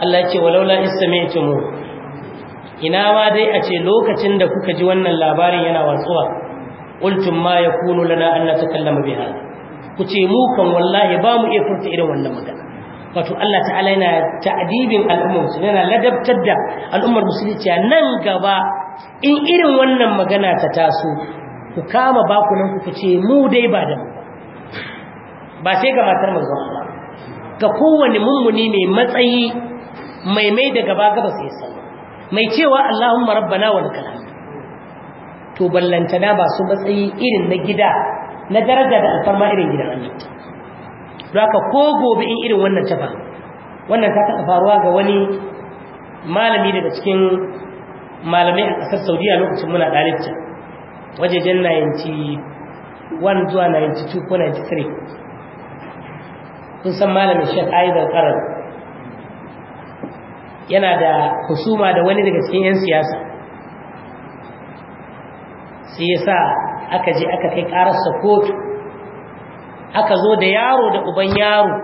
Allah ce walaula istami'tumu ina ma dai a ce lokacin da kuka ji wannan labarin yana watsuwa ultum ma ya yakunu lana an natakallama biha ku ce mu kan wallahi ba mu iya furta irin wannan magana wato Allah ta'ala yana ta'adibin al'ummar musulmi yana ladabtar da al'ummar musulmi cewa nan gaba in irin wannan magana ta taso ku kama bakunan ku ce mu dai ba da ba sai ga matar manzo Allah ga kowane mummuni mai matsayi mai mai da gaba gaba sai sai mai cewa Allahumma rabbana wal kalam to ballantana ba su matsayi irin na gida na daraja da alfarma irin gidan Allah haka ko gobe in irin wannan tafa, wannan ta taɓa faruwa ga wani malami daga cikin malamai a ƙasar saudiya lokacin muna ɗalibta wajejen 91 zuwa 92 ko 93 kun san malamin shek aizar ƙarar yana da husuma da wani daga cikin 'yan siyasa sai ya sa aka je aka kai ƙararsa kotu aka zo da yaro da uban yaro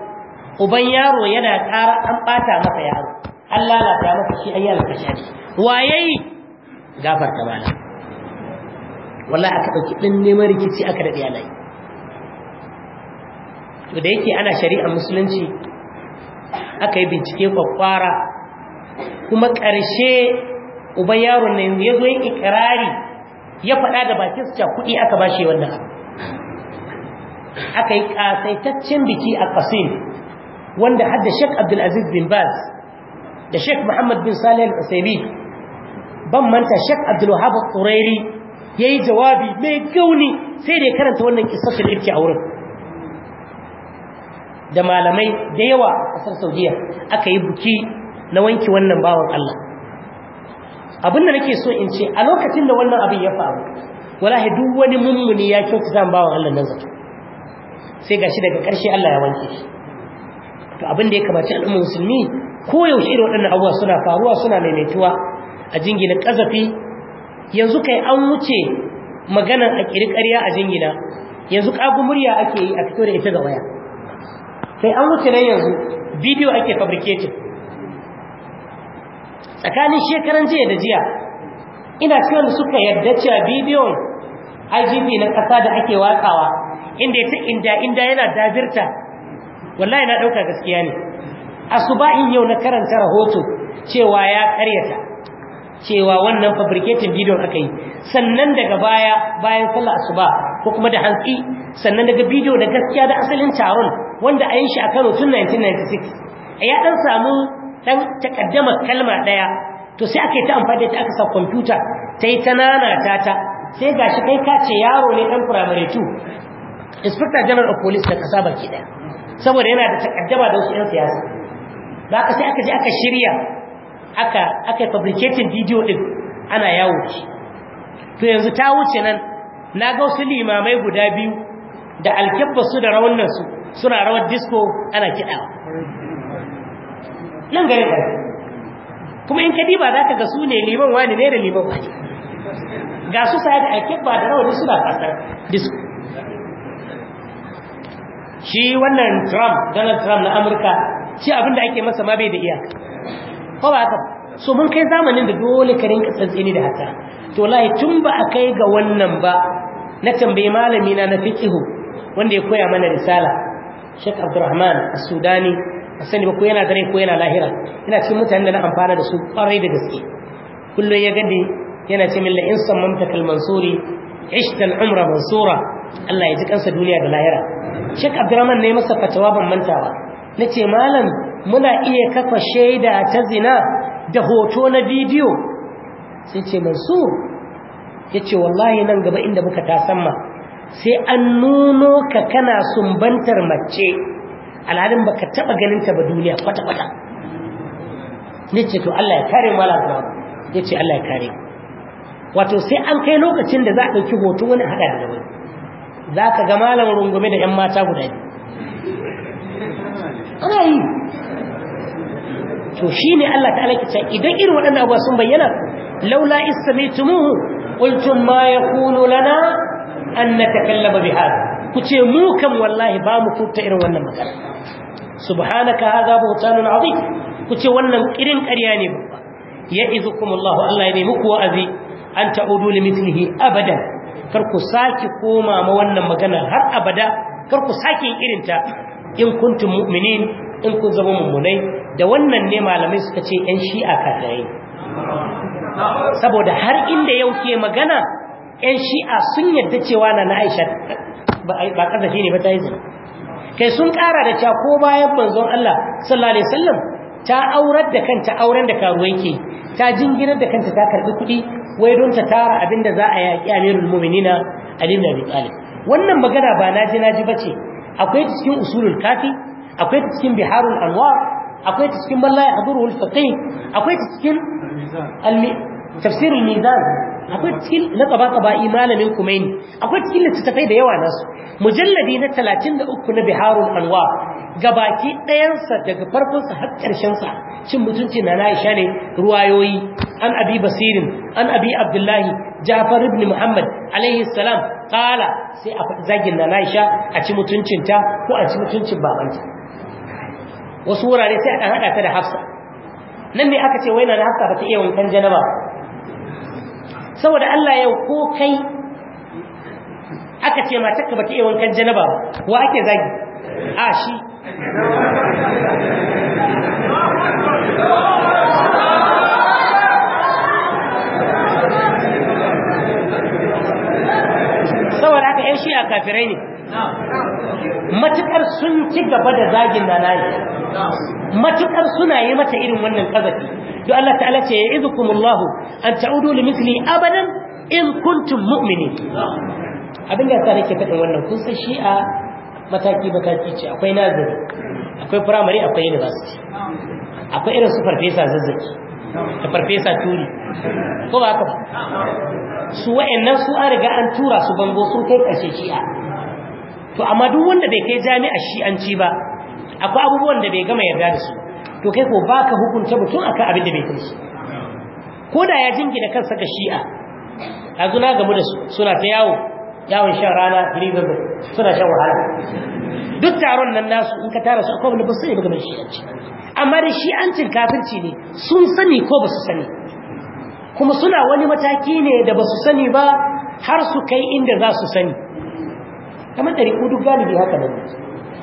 uban yaro yana ƙara an ɓata masa yaro an lalata masa shi an yi waye yi ta bala wallah aka ɗauki ɗin neman rikici aka daɗe a layi? to da yake ana shari'ar musulunci aka yi bincike kwakwara kuma ƙarshe uban yaron ne ya zo yin ikirari ya faɗa da bakin sa kuɗi aka bashi wannan abu aka yi kasaitaccen biki a kasim wanda hadda Sheikh Abdulaziz bin Baz da Sheikh Muhammad bin Salih al-Usaymi ban manta Sheikh abdulwahab Wahhab al-Qurairi yayi jawabi mai gauni sai da ya karanta wannan kissatul ibki a wurin da malamai da yawa a kasar Saudiya aka yi buki na wanki wannan bawan Allah da nake so in ce a lokacin da wannan abin ya faru wala duk wani mummuni ya zan bawan Allah nan zato sai gashi daga ƙarshe Allah ya wanke shi to abin da ya a al'ummar musulmi ko yaushe irin waɗannan abubuwa suna faruwa suna maimaituwa a jingina ƙazafi yanzu kai an wuce maganar a ƙirƙariya a jingina yanzu ƙagu murya ake yi a fito da ita ga waya sai an wuce nan yanzu bidiyo ake fabricated tsakanin shekaran jiya da jiya ina cewa suka yarda cewa bidiyon igp na ƙasa da ake watsawa inda ya ta inda inda yana dabirta wallahi na ɗauka gaskiya ne asuba'in yau na karanta rahoto cewa ya karyata cewa wannan fabricating bidiyon aka yi sannan daga baya bayan sallar asuba ko kuma da hantsi sannan daga bidiyo da gaskiya da asalin taron wanda a yi shi a Kano tun 1996 A ya dan samu dan takaddama kalma ɗaya. to sai aka yi ta amfani da ta aka sa computer ta yi ta nanata ta sai gashi kai ka ce yaro ne dan firamare tu. inspector general of police da kasa baki daya saboda yana da takaddama da wasu 'yan siyasa da aka sai aka je aka shirya aka aka fabricating video din ana yawo shi to yanzu ta wuce nan na ga wasu limamai guda biyu da alkibbasu da rawunan su suna rawar disco ana kidawa nan gare ka kuma in ka diba za ka ga su ne liman wani ne da liman wani ga su sa da alkibba da rawar suna fasar disco shi wannan Trump Donald Trump na Amurka shi abinda ake masa ma bai da iyaka ko ba haka so mun kai zamanin da dole ka rinka tsantseni da haka to wallahi tun ba a kai ga wannan ba na tambayi malami na na fiqhu wanda ya koya mana risala Sheikh Abdulrahman As-Sudani sani ba ko yana dare ko yana lahira ina cikin mutanen da na amfana da su kwarai da gaske kullum ya gade yana ce min la in sammanta kal ishtal umra mansura Allah ya ji kansa duniya da lahira Sheikh Abdurrahman ne masa fatawa ban manta ba nace malam muna iya kafa shaida ta zina da hoto na bidiyo sai ce Mansur yace wallahi nan gaba inda muka tasamma sai an nuno ka kana sumbantar mace alhalin baka taba ganin ta ba duniya kwata kwata nace to Allah ya kare mu Allah ya kare wato sai an kai lokacin da za a ɗauki hoto wani haɗa da wani za ka ga malam rungume da 'yan mata guda biyu ana yi to shi ne Allah ta alaƙi idan irin waɗannan abuwa sun bayyana laula istami'tumuhu qultum ma yakunu lana an natakallama bi Ku kuce mu kan wallahi ba mu furta irin wannan magana subhanaka hadha buhtanun Ku kuce wannan irin ƙarya ne babba ya izu Allah Allah ya nemi muku wa'azi an ta'udu limithlihi abadan kar ku saki koma ma wannan magana har abada kar ku saki irin ta in kuntum mu'minin in kun zama muminai da wannan ne malamai suka ce yan shi'a kafirai saboda har inda yau ke magana yan shi'a sun yadda cewa na na Aisha ba kasafi ne ba ta yi kai sun kara da cewa ko bayan manzon Allah sallallahu alaihi wasallam ta aurar da kanta auren da karuwai ke ta jingirar da kanta ta karbi kuɗi wai don ta tara abin da za a yaƙi amirul mu'minina ali ibn abi talib wannan magana ba na naji naji bace akwai cikin usulul kafi akwai cikin biharul anwar akwai cikin mallaya aburul faqih akwai cikin al tafsirul mizan akwai cikin na tsaba tsaba'i malamin kumaini akwai cikin littattafai da yawa nasu mujalladi na 33 na Biharun anwa gabaki ɗayansa daga farkonsa har ƙarshensa cin mutunci na na'isha ne ruwayoyi an abi basirin an abi abdullahi jafar ibn muhammad alaihi salam kala sai a faɗi zagin na na'isha a ci mutuncinta ko a ci mutuncin babanta wasu wurare sai a ɗan haɗa ta da hafsa nan ne aka ce wai na hafsa ba ta iya wankan janaba saboda Allah yau ko kai aka ce ma takka bata iya wankan janaba wa ake zagi a shi saboda haka yan a kafirai ne matukar sun ci gaba da zagin da nayi matukar suna yi mata irin wannan kazafi to Allah ta'ala ce ya izukumullahu an ta'udu mithli abadan in kuntum mu'minin abin da sai nake faɗin wannan kun san shi'a mataki mataki ce akwai nazari akwai primary akwai university akwai irin su farfesa zazzaki da farfesa turi ko ba haka su wa'annan su an riga an tura su bango sun kai kashe shi'a to amma duk wanda bai kai jami'a shi'anci ba akwai abubuwan da bai gama yarda da su to kai ko baka hukunta mutum akan abin da bai kai shi ko da ya jingina kansa ga shi'a a zuna gamu da su suna ta yawo yawon shan rana firizar suna shan wahala duk taron nan nasu in ka tara su akwai wanda ba su ne buga mai shi'anci amma da shi'ancin kafirci ne sun sani ko ba su sani kuma suna wani mataki ne da ba su sani ba har su kai inda za su sani kamar dari ko duk galibi haka ne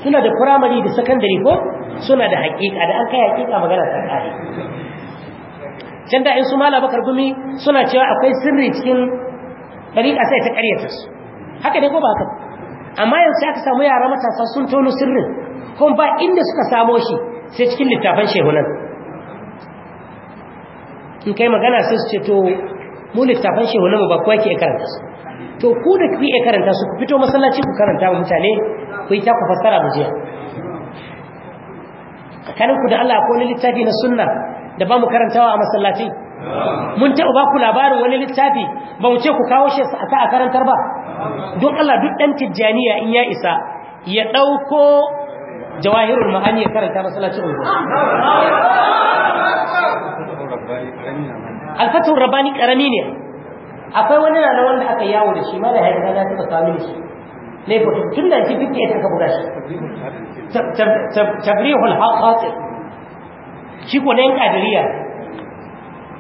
suna da firamare da secondary ko suna da haƙiƙa da an kai haƙiƙa magana ta kare can in su mala bakar gumi suna cewa akwai sirri cikin dariƙa sai ta ƙaryata su haka ne ko ba haka amma yanzu sai aka samu yara matasa sun tono sirrin kuma ba inda suka samo shi sai cikin littafan shehunan in kai magana sai su ce to mu littafan shehunan mu ba kowa ke karanta su to ku da kuke karanta su ku fito masallaci ku karanta wa mutane ku yi ta ku fassara mu jiya tsakanin ku da Allah ko wani littafi na sunna da ba mu karantawa a masallaci mun taɓa ba ku labarin wani littafi ba mu ce ku kawo shi a ka karantar ba don Allah duk ɗan tijjaniya in ya isa ya ɗauko jawahirul ma'ani ya karanta masallacin unguwa alfatun rabani ƙarami ne akwai wani rana wanda aka yawo da shi ma da haifar na taɓa samun shi ne tun da shi fiye ta buga shi tabrihul haƙaƙi shi ko na yin ƙadiriya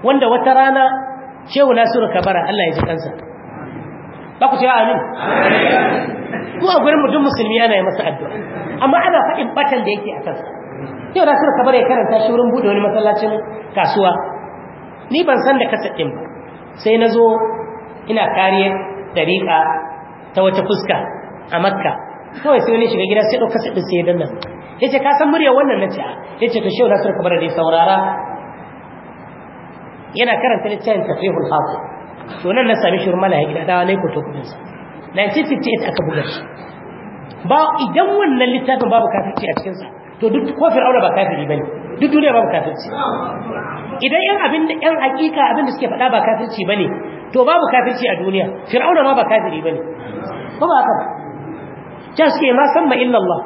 wanda wata rana shehu nasiru kabara allah ya ji kansa ba ku cewa amin ko a gurin mutum musulmi yana yi masa addu'a amma ana faɗin batan da yake a kansa yau nasiru kabara ya karanta shi wurin buɗe wani masallacin kasuwa ni ban san da kasa ɗin ba sai na zo ina kariyar tariƙa ta wata fuska a makka kawai sai wani shiga gida sai ɗauka saɗin sai nan. ya ce ka san murya wannan na ciya ah. ya ce to shi na sarka bar da ya saurara yana karanta littafin tafihul hafi to nan na sami shirma na ya gida dawa na yi kwato kudinsa 1958 aka buga shi ba idan wannan littafin babu ce a cikinsa to duk ko fir'auna ba kafiri bane duk duniya ba kafirci idan yan abin da yan hakika abin da suke faɗa ba kafirci bane to babu kafirci a duniya fir'auna ma ba kafiri bane ko ba haka ba Ja suke ma san ma illa Allah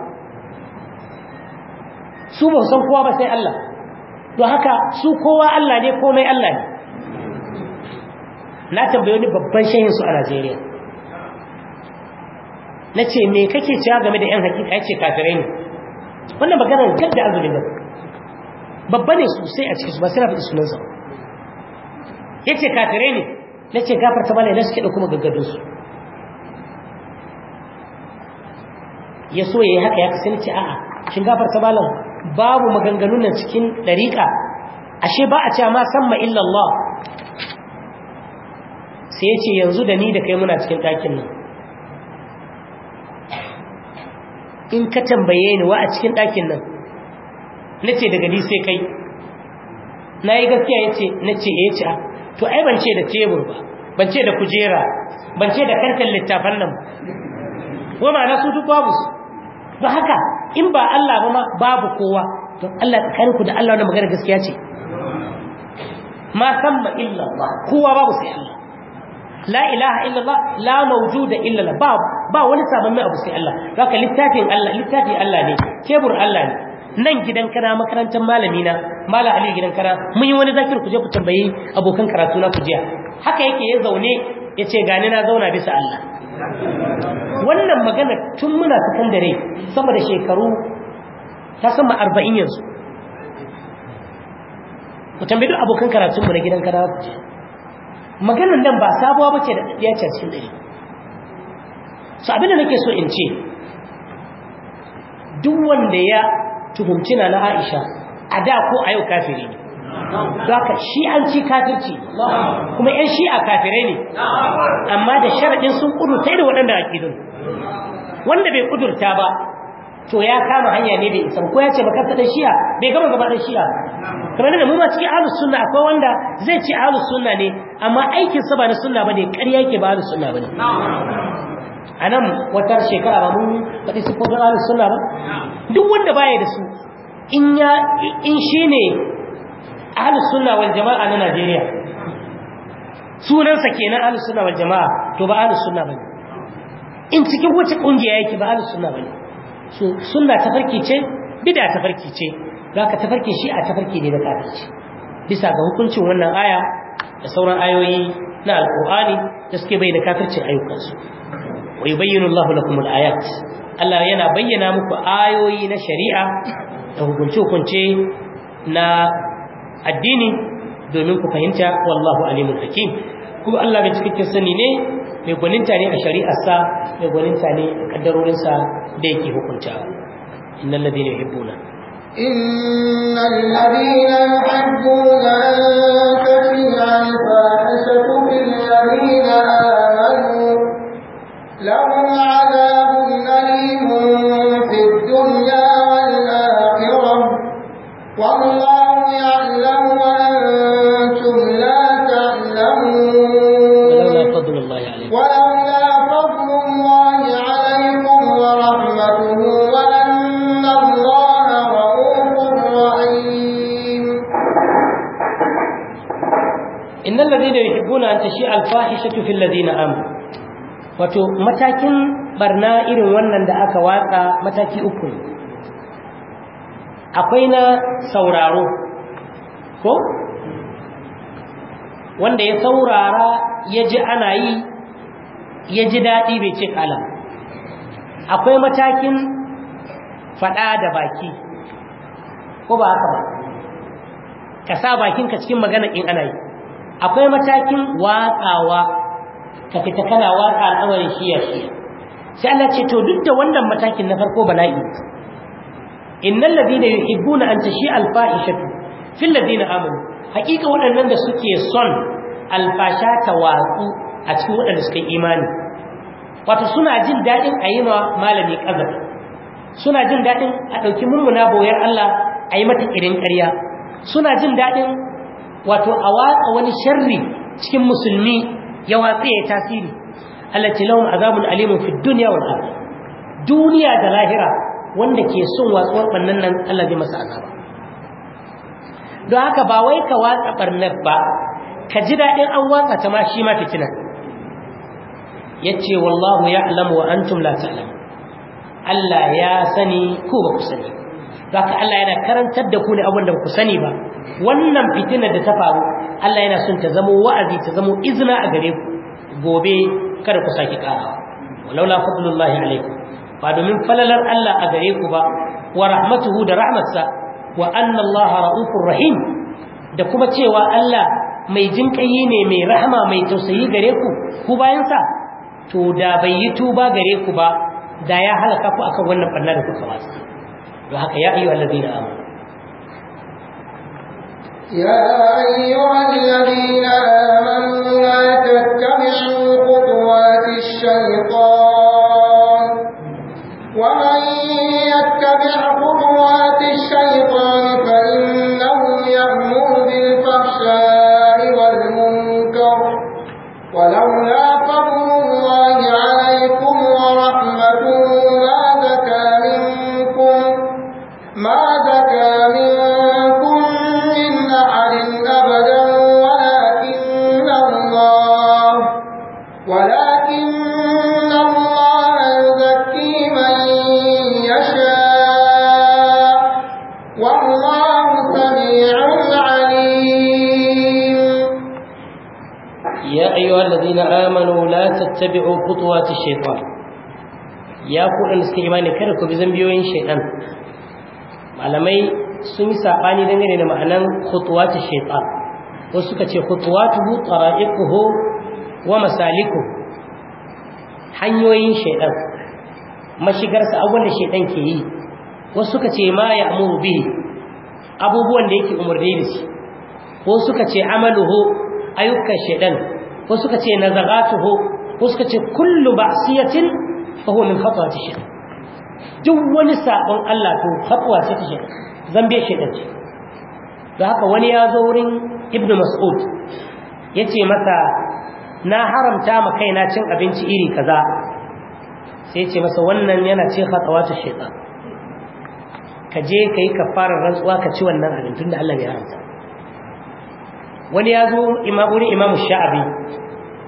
su ba san kowa ba sai Allah To haka su kowa Allah ne komai Allah ne na tambaye ni babban shehin su a Najeriya na ce me kake cewa game da yan hakika ya ce kafirai ne wannan maganar kan da nan babba ne sosai a cikin su ba sai na faɗi sunansa ya ce kafirai ne na ce gafarta mana na suke da kuma gaggadinsu ya so ya yi haka ya kasance ce a'a shin gafarta mana babu maganganun nan cikin ɗariƙa ashe ba a ce ma san ma illallah sai ya ce yanzu da ni da kai muna cikin ɗakin nan in ka tambaye ni wa a cikin ɗakin nan na ce daga ni sai kai na yi gaskiya yace ce na ce ya eh, to ai ban ce da tebur ba ban ce da kujera ban ce da kankan littafan nan wa na su babu don haka in ba Allah ba ma babu kowa don Allah tsakaninku da Allah wani magana gaskiya ce ma samma illa kowa babu sai Allah la ilaha illallah la mawjuda illallah ba ba wani sabon mai abu sai Allah haka littafin Allah littafi Allah ne kebur Allah ne nan gidan kana makarantar malami na mala ali gidan kana mun yi wani zakir ku je ku tambayi abokan karatu na ku jiya haka yake ya zaune yace gani na zauna bisa Allah wannan magana tun muna cikin dare sama da shekaru ta sama 40 yanzu ku tambayi duk abokan karatu mu na gidan kana ku je. Maganar nan ba sabuwa ba ce da ya ce da su abin da nake so in ce duk wanda ya tuhumci na na aisha a da ko a yau kafiri ne za ka shi'anci kafirci kuma 'yan shi a kafirai ne amma da sharaɗin sun ƙudurta da waɗanda a wanda bai ƙudurta ba to ya kama hanya ne bai isa ko ya ce ba kasa shiya bai gama gaba da shiya kamar da mu ma cikin ahlus sunna akwai wanda zai ce ahlus sunna ne amma aikin sa ba na sunna bane ƙarya yake ba ahlus sunna bane anan wata shekara ba mun faɗi sifofin ahlus sunna ba duk wanda baya da su in ya in shine ahlus sunna wal jama'a na Najeriya sunansa kenan ahlus sunna wal jama'a to ba ahlus sunna bane in cikin wace kungiya yake ba ahlus sunna bane sunna tafarki ce bid'a tafarki ce zaka tafarki shi a tafarki ne da kafirci bisa ga hukuncin wannan aya da sauran ayoyi na alqur'ani da suke bayyana kafircin su wa yubayyinu Allahu lakum al-ayat Allah yana bayyana muku ayoyi na shari'a da hukunce-hukunce na addini domin ku fahimta wallahu alimul hakim kuma Allah ga cikakken sani ne mai gwaninta ne a shari'arsa mai gwaninta ne a kaddarorinsa da yake hukunta innal ladina yuhibbuna innal ladina yuhibbuna an innal ladina yuhibbuna an tashi al fahishatu fil ladina amanu wato matakin barna irin wannan da aka watsa mataki uku ne akwai na sauraro ko wanda ya saurara ya ji ana yi ya ji daɗi bai ce kala akwai matakin faɗa da baki ko ba haka ba ka sa bakinka cikin magana in ana yi akwai matakin watsawa ka fita kana watsa al'amarin shiya shiya sai Allah ce to duk da wannan matakin na farko bala'i innal ladina yuhibbuna an tashi al-fahishatu fil ladina amanu hakika waɗannan da suke son alfasha ta watsu a cikin waɗanda suka imani wato suna jin daɗin a malami kazar suna jin daɗin a ɗauki mummuna boyar Allah a yi mata irin ƙarya suna jin daɗin wato a watsa wani sharri cikin musulmi ya watsi ya tasiri allati lahum azabun alimun fid dunya wal akhirah duniya da lahira wanda ke son watsuwar bannan nan Allah zai masa azaba don haka ba wai ka watsa barnar ba ka ji daɗin an watsa ta ma shi ma fitina yace wallahu ya'lamu wa antum la Allah ya sani ko ba ku sani ka Allah yana karantar da ku ne abin da ku sani ba wannan fitinar da ta faru Allah yana son ta zama wa'azi ta zama izina a gare ku gobe kada ku saki kara walaula fadlullahi alaikum ba domin falalar Allah a gare ku ba wa rahmatuhu da rahmatsa wa anna Allah raufur rahim da kuma cewa Allah mai jinƙayi ne mai rahama mai tausayi gare ku ku bayan sa to da bai yi tuba gare ku ba da ya halaka ku akan wannan banna da kuka wasa بحق يا أيها الذين آمنوا يا أيها الذين آمنوا لا تتبعوا خطوات الشيطان tattabi'u khutuwati shaytan ya ku dan suka imani kada ku bi zambiyoyin shaytan malamai sun yi sabani dangane da ma'anan khutuwati shaytan wasu suka ce khutuwatuhu tara'iquhu wa masaliku hanyoyin shaytan mashigarsa abun da shaytan ke yi wasu suka ce ma ya'muru bihi abubuwan da yake umarni da shi ko suka ce amaluhu ayyukan shaytan ko suka ce nazaratuhu wasu kace kullu ba'siyatin cin huwa min khata'ati shaytan duk wani sabon Allah to fatwa ta shaytan zambe shaytan ce da haka wani ya zo wurin ibn mas'ud yace masa na haramta ma kaina cin abinci iri kaza sai yace masa wannan yana ka je kai kafarar rantsuwa ka ci wannan abin da Allah ya haramta wani ya zo wurin imam sha'abi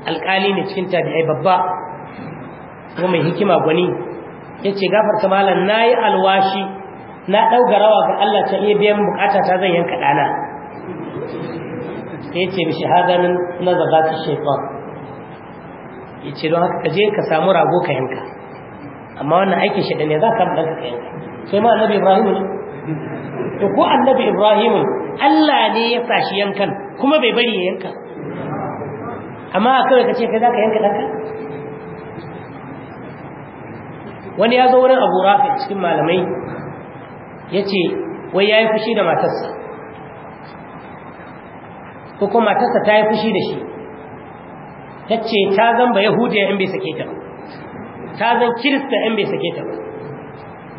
alƙali ne cikin tabi'ai babba kuma mai hikima gwani ya ce gafarta malam na yi alwashi na ɗauga rawa ga Allah ta iya biyan bukata ta zan yanka ɗana ya ce mishi hadanin na zagati shaitan ya ce don haka kaje ka samu rago ka yanka amma wannan aikin shi ne za ka ɗanka ka yanka sai ma annabi ibrahim ne ko annabi ibrahim Allah ne ya sa shi yankan kuma bai bari ya yanka amma kawai ka ce kai za ka yanka ɗanka wani ya zo wurin abu rafi cikin malamai ya ce wai ya yi fushi da matarsa ko kuma matarsa ta yi fushi da shi ta ce ta zan ba yahudiya in bai sake ta ta zan kirista in bai sake ta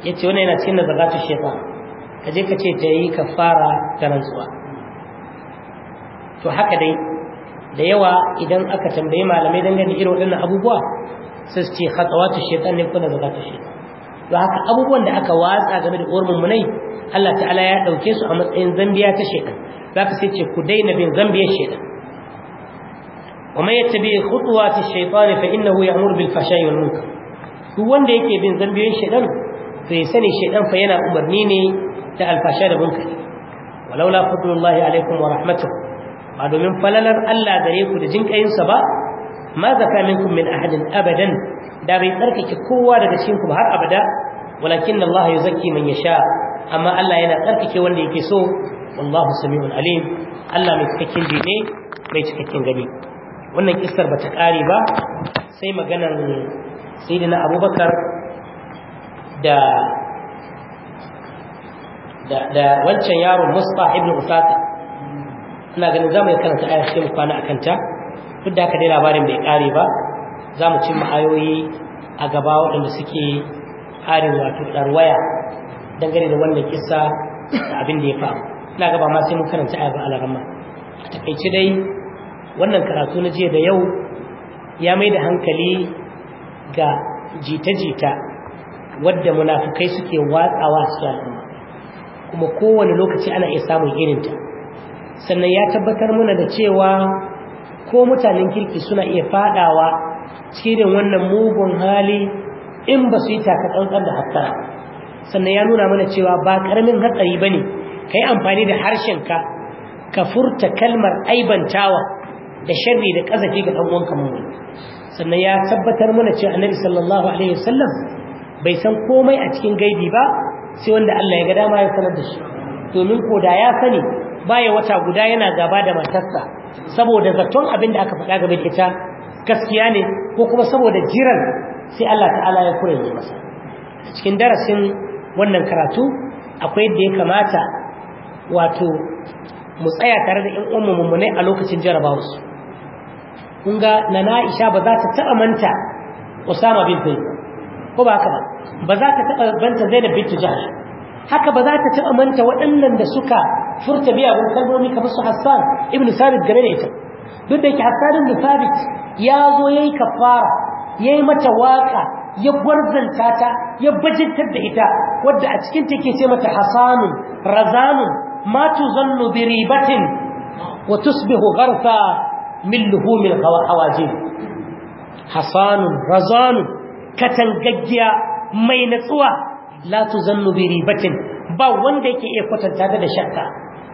ya ce wani yana cikin da zagatun shekwa ka je ka ce ta yi ka fara ta rantsuwa to haka dai da yawa idan aka tambayi malamai dangane irin waɗannan abubuwa sai su ce khatawatu shaytan ne kuma zakatu shaytan don haka abubuwan da aka watsa game da uwar mummunai Allah ta'ala ya dauke su a matsayin zambiya ta shaytan zaka sai ce ku daina bin zambiyar shaytan wa man yattabi khutuwati shaytan fa innahu ya'muru bil fahsha'i wal munkar duk wanda yake bin zambiyoyin shaytan to ya sani shaytan fa yana umarni ne da alfasha da munkari walaula fadlullahi alaikum wa rahmatuhu ba domin falalar Allah gare ku da jinƙayinsa ba ma zaka minkum min ahadin abadan da bai tsarkake kowa daga cikin ku har abada walakin Allah yuzakki man yasha amma Allah yana tsarkake wanda yake so wallahu sami'un alim Allah mai cikakken dine mai cikakken gani wannan kissar bata kare ba sai maganar sayyidina Abubakar da da wancan yaron Musa ibn Usata ina ganin zamu iya karanta ayar sai mu kwana a ta duk da haka dai labarin bai kare ba zamu cin ayoyi a gaba waɗanda suke harin wato darwaya dangane da wannan kissa da abin da ya faru ina gaba ma sai mu karanta ayar ba a takaice dai wannan karatu na jiya da yau ya mai da hankali ga jita-jita wadda munafukai suke watsawa su kuma kowane lokaci ana iya samun irinta sannan ya tabbatar mana da cewa ko mutanen kirki suna iya fadawa cikin wannan mugun hali in ba su yi takatsantsan da hattara sannan ya nuna mana cewa ba karamin hatsari ba ne ka yi amfani da harshen ka furta kalmar aibantawa da sharri da ƙazafi ga ɗan'uwanka mummun sannan ya tabbatar mana cewa annabi sallallahu alaihi wasallam bai san komai a cikin gaibi ba sai wanda Allah ya ga dama ya sanar da shi domin ko da ya sani baya wata guda yana gaba da matarsa saboda zaton abin da aka faɗa game da ita gaskiya ne ko kuma saboda jiran sai Allah ta'ala ya kure ne masa cikin darasin wannan karatu akwai yadda ya kamata wato mu tsaya tare da 'yan uwanmu mummunai a lokacin jarabawarsu kun ga na na'isha ba za ta taɓa manta usama bin zaid ko ba haka ba ba za ta taɓa manta zainab bin jahsh haka ba za ta taɓa manta waɗannan da suka furta biya gun kalmomi kamar su Hassan ibn Sabit game da ita duk da yake Hassan ibn Sabit ya zo yayi kafara yayi mata waka ya gwarzanta ta ya bajintar da ita wadda a cikin ta ke ce mata Hassanun, razanun ma tuzannu bi ribatin wa tusbihu gharfa min luhumil hawajin Hassanun, razanun katangaggiya mai natsuwa la tuzannu bi ribatin ba wanda yake iya kwatanta da shakka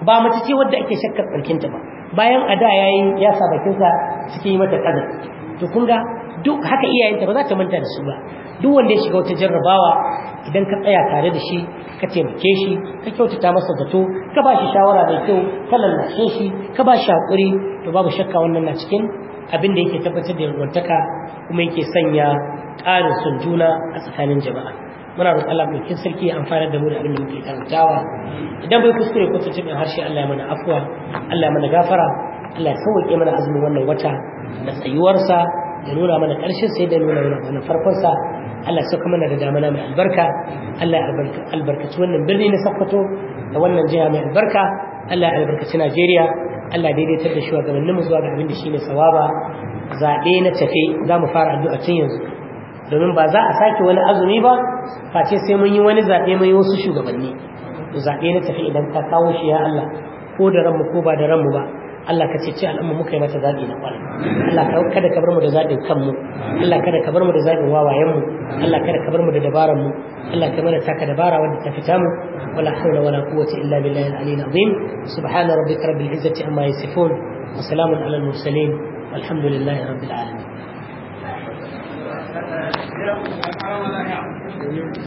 ba mace ce wadda ake shakkar ta ba bayan a da yayi ya sa bakinsa suke yi mata kazan to kun ga duk haka iyayenta ba za ta manta da su ba duk wanda ya shiga wata jarrabawa idan ka tsaya tare da shi ka taimake shi ka kyautata masa zato ka ba shi shawara mai kyau ka lallashe shi ka ba shi hakuri to babu shakka wannan na cikin abin da yake tabbatar da yarwantaka kuma yake sanya ƙarin son juna a tsakanin jama'a muna roƙon Allah mai sarki ya amfana da mu da abin da muke karantawa idan bai kuskure ko tuntuɓe harshe Allah ya mana afuwa Allah ya mana gafara Allah ya sauke mana azumin wannan wata da tsayuwarsa da nuna mana ƙarshen sai da nuna mana wannan farkonsa Allah ya sauka mana da damana mai albarka Allah ya albarkaci wannan birni na Sokoto da wannan jiha mai albarka Allah ya albarkaci Najeriya Allah ya daidaitar da shugabanninmu zuwa ga abin da ne sawaba zaɓe na tafe za mu fara addu'a tun yanzu domin ba za a sake wani azumi ba face sai mun yi wani zaɓe mai wasu shugabanni zaɓe na tafi idan ka kawo shi ya Allah ko da ranmu ko ba da ranmu ba Allah ka cece al'umma muka yi mata zaɓi na ƙwarai Allah kada ka bar mu da zaɓin kanmu Allah kada ka bar mu da zaɓin wawayenmu Allah kada ka bar mu da dabaran mu Allah ka mana taka dabara wadda ta fita mu wala hawla wala quwwata illa billahi al-aliyyil azim subhana rabbika rabbil izzati amma yasifun wa salamun alal mursalin والحمد لله رب العالمين 没有，我看不到那样。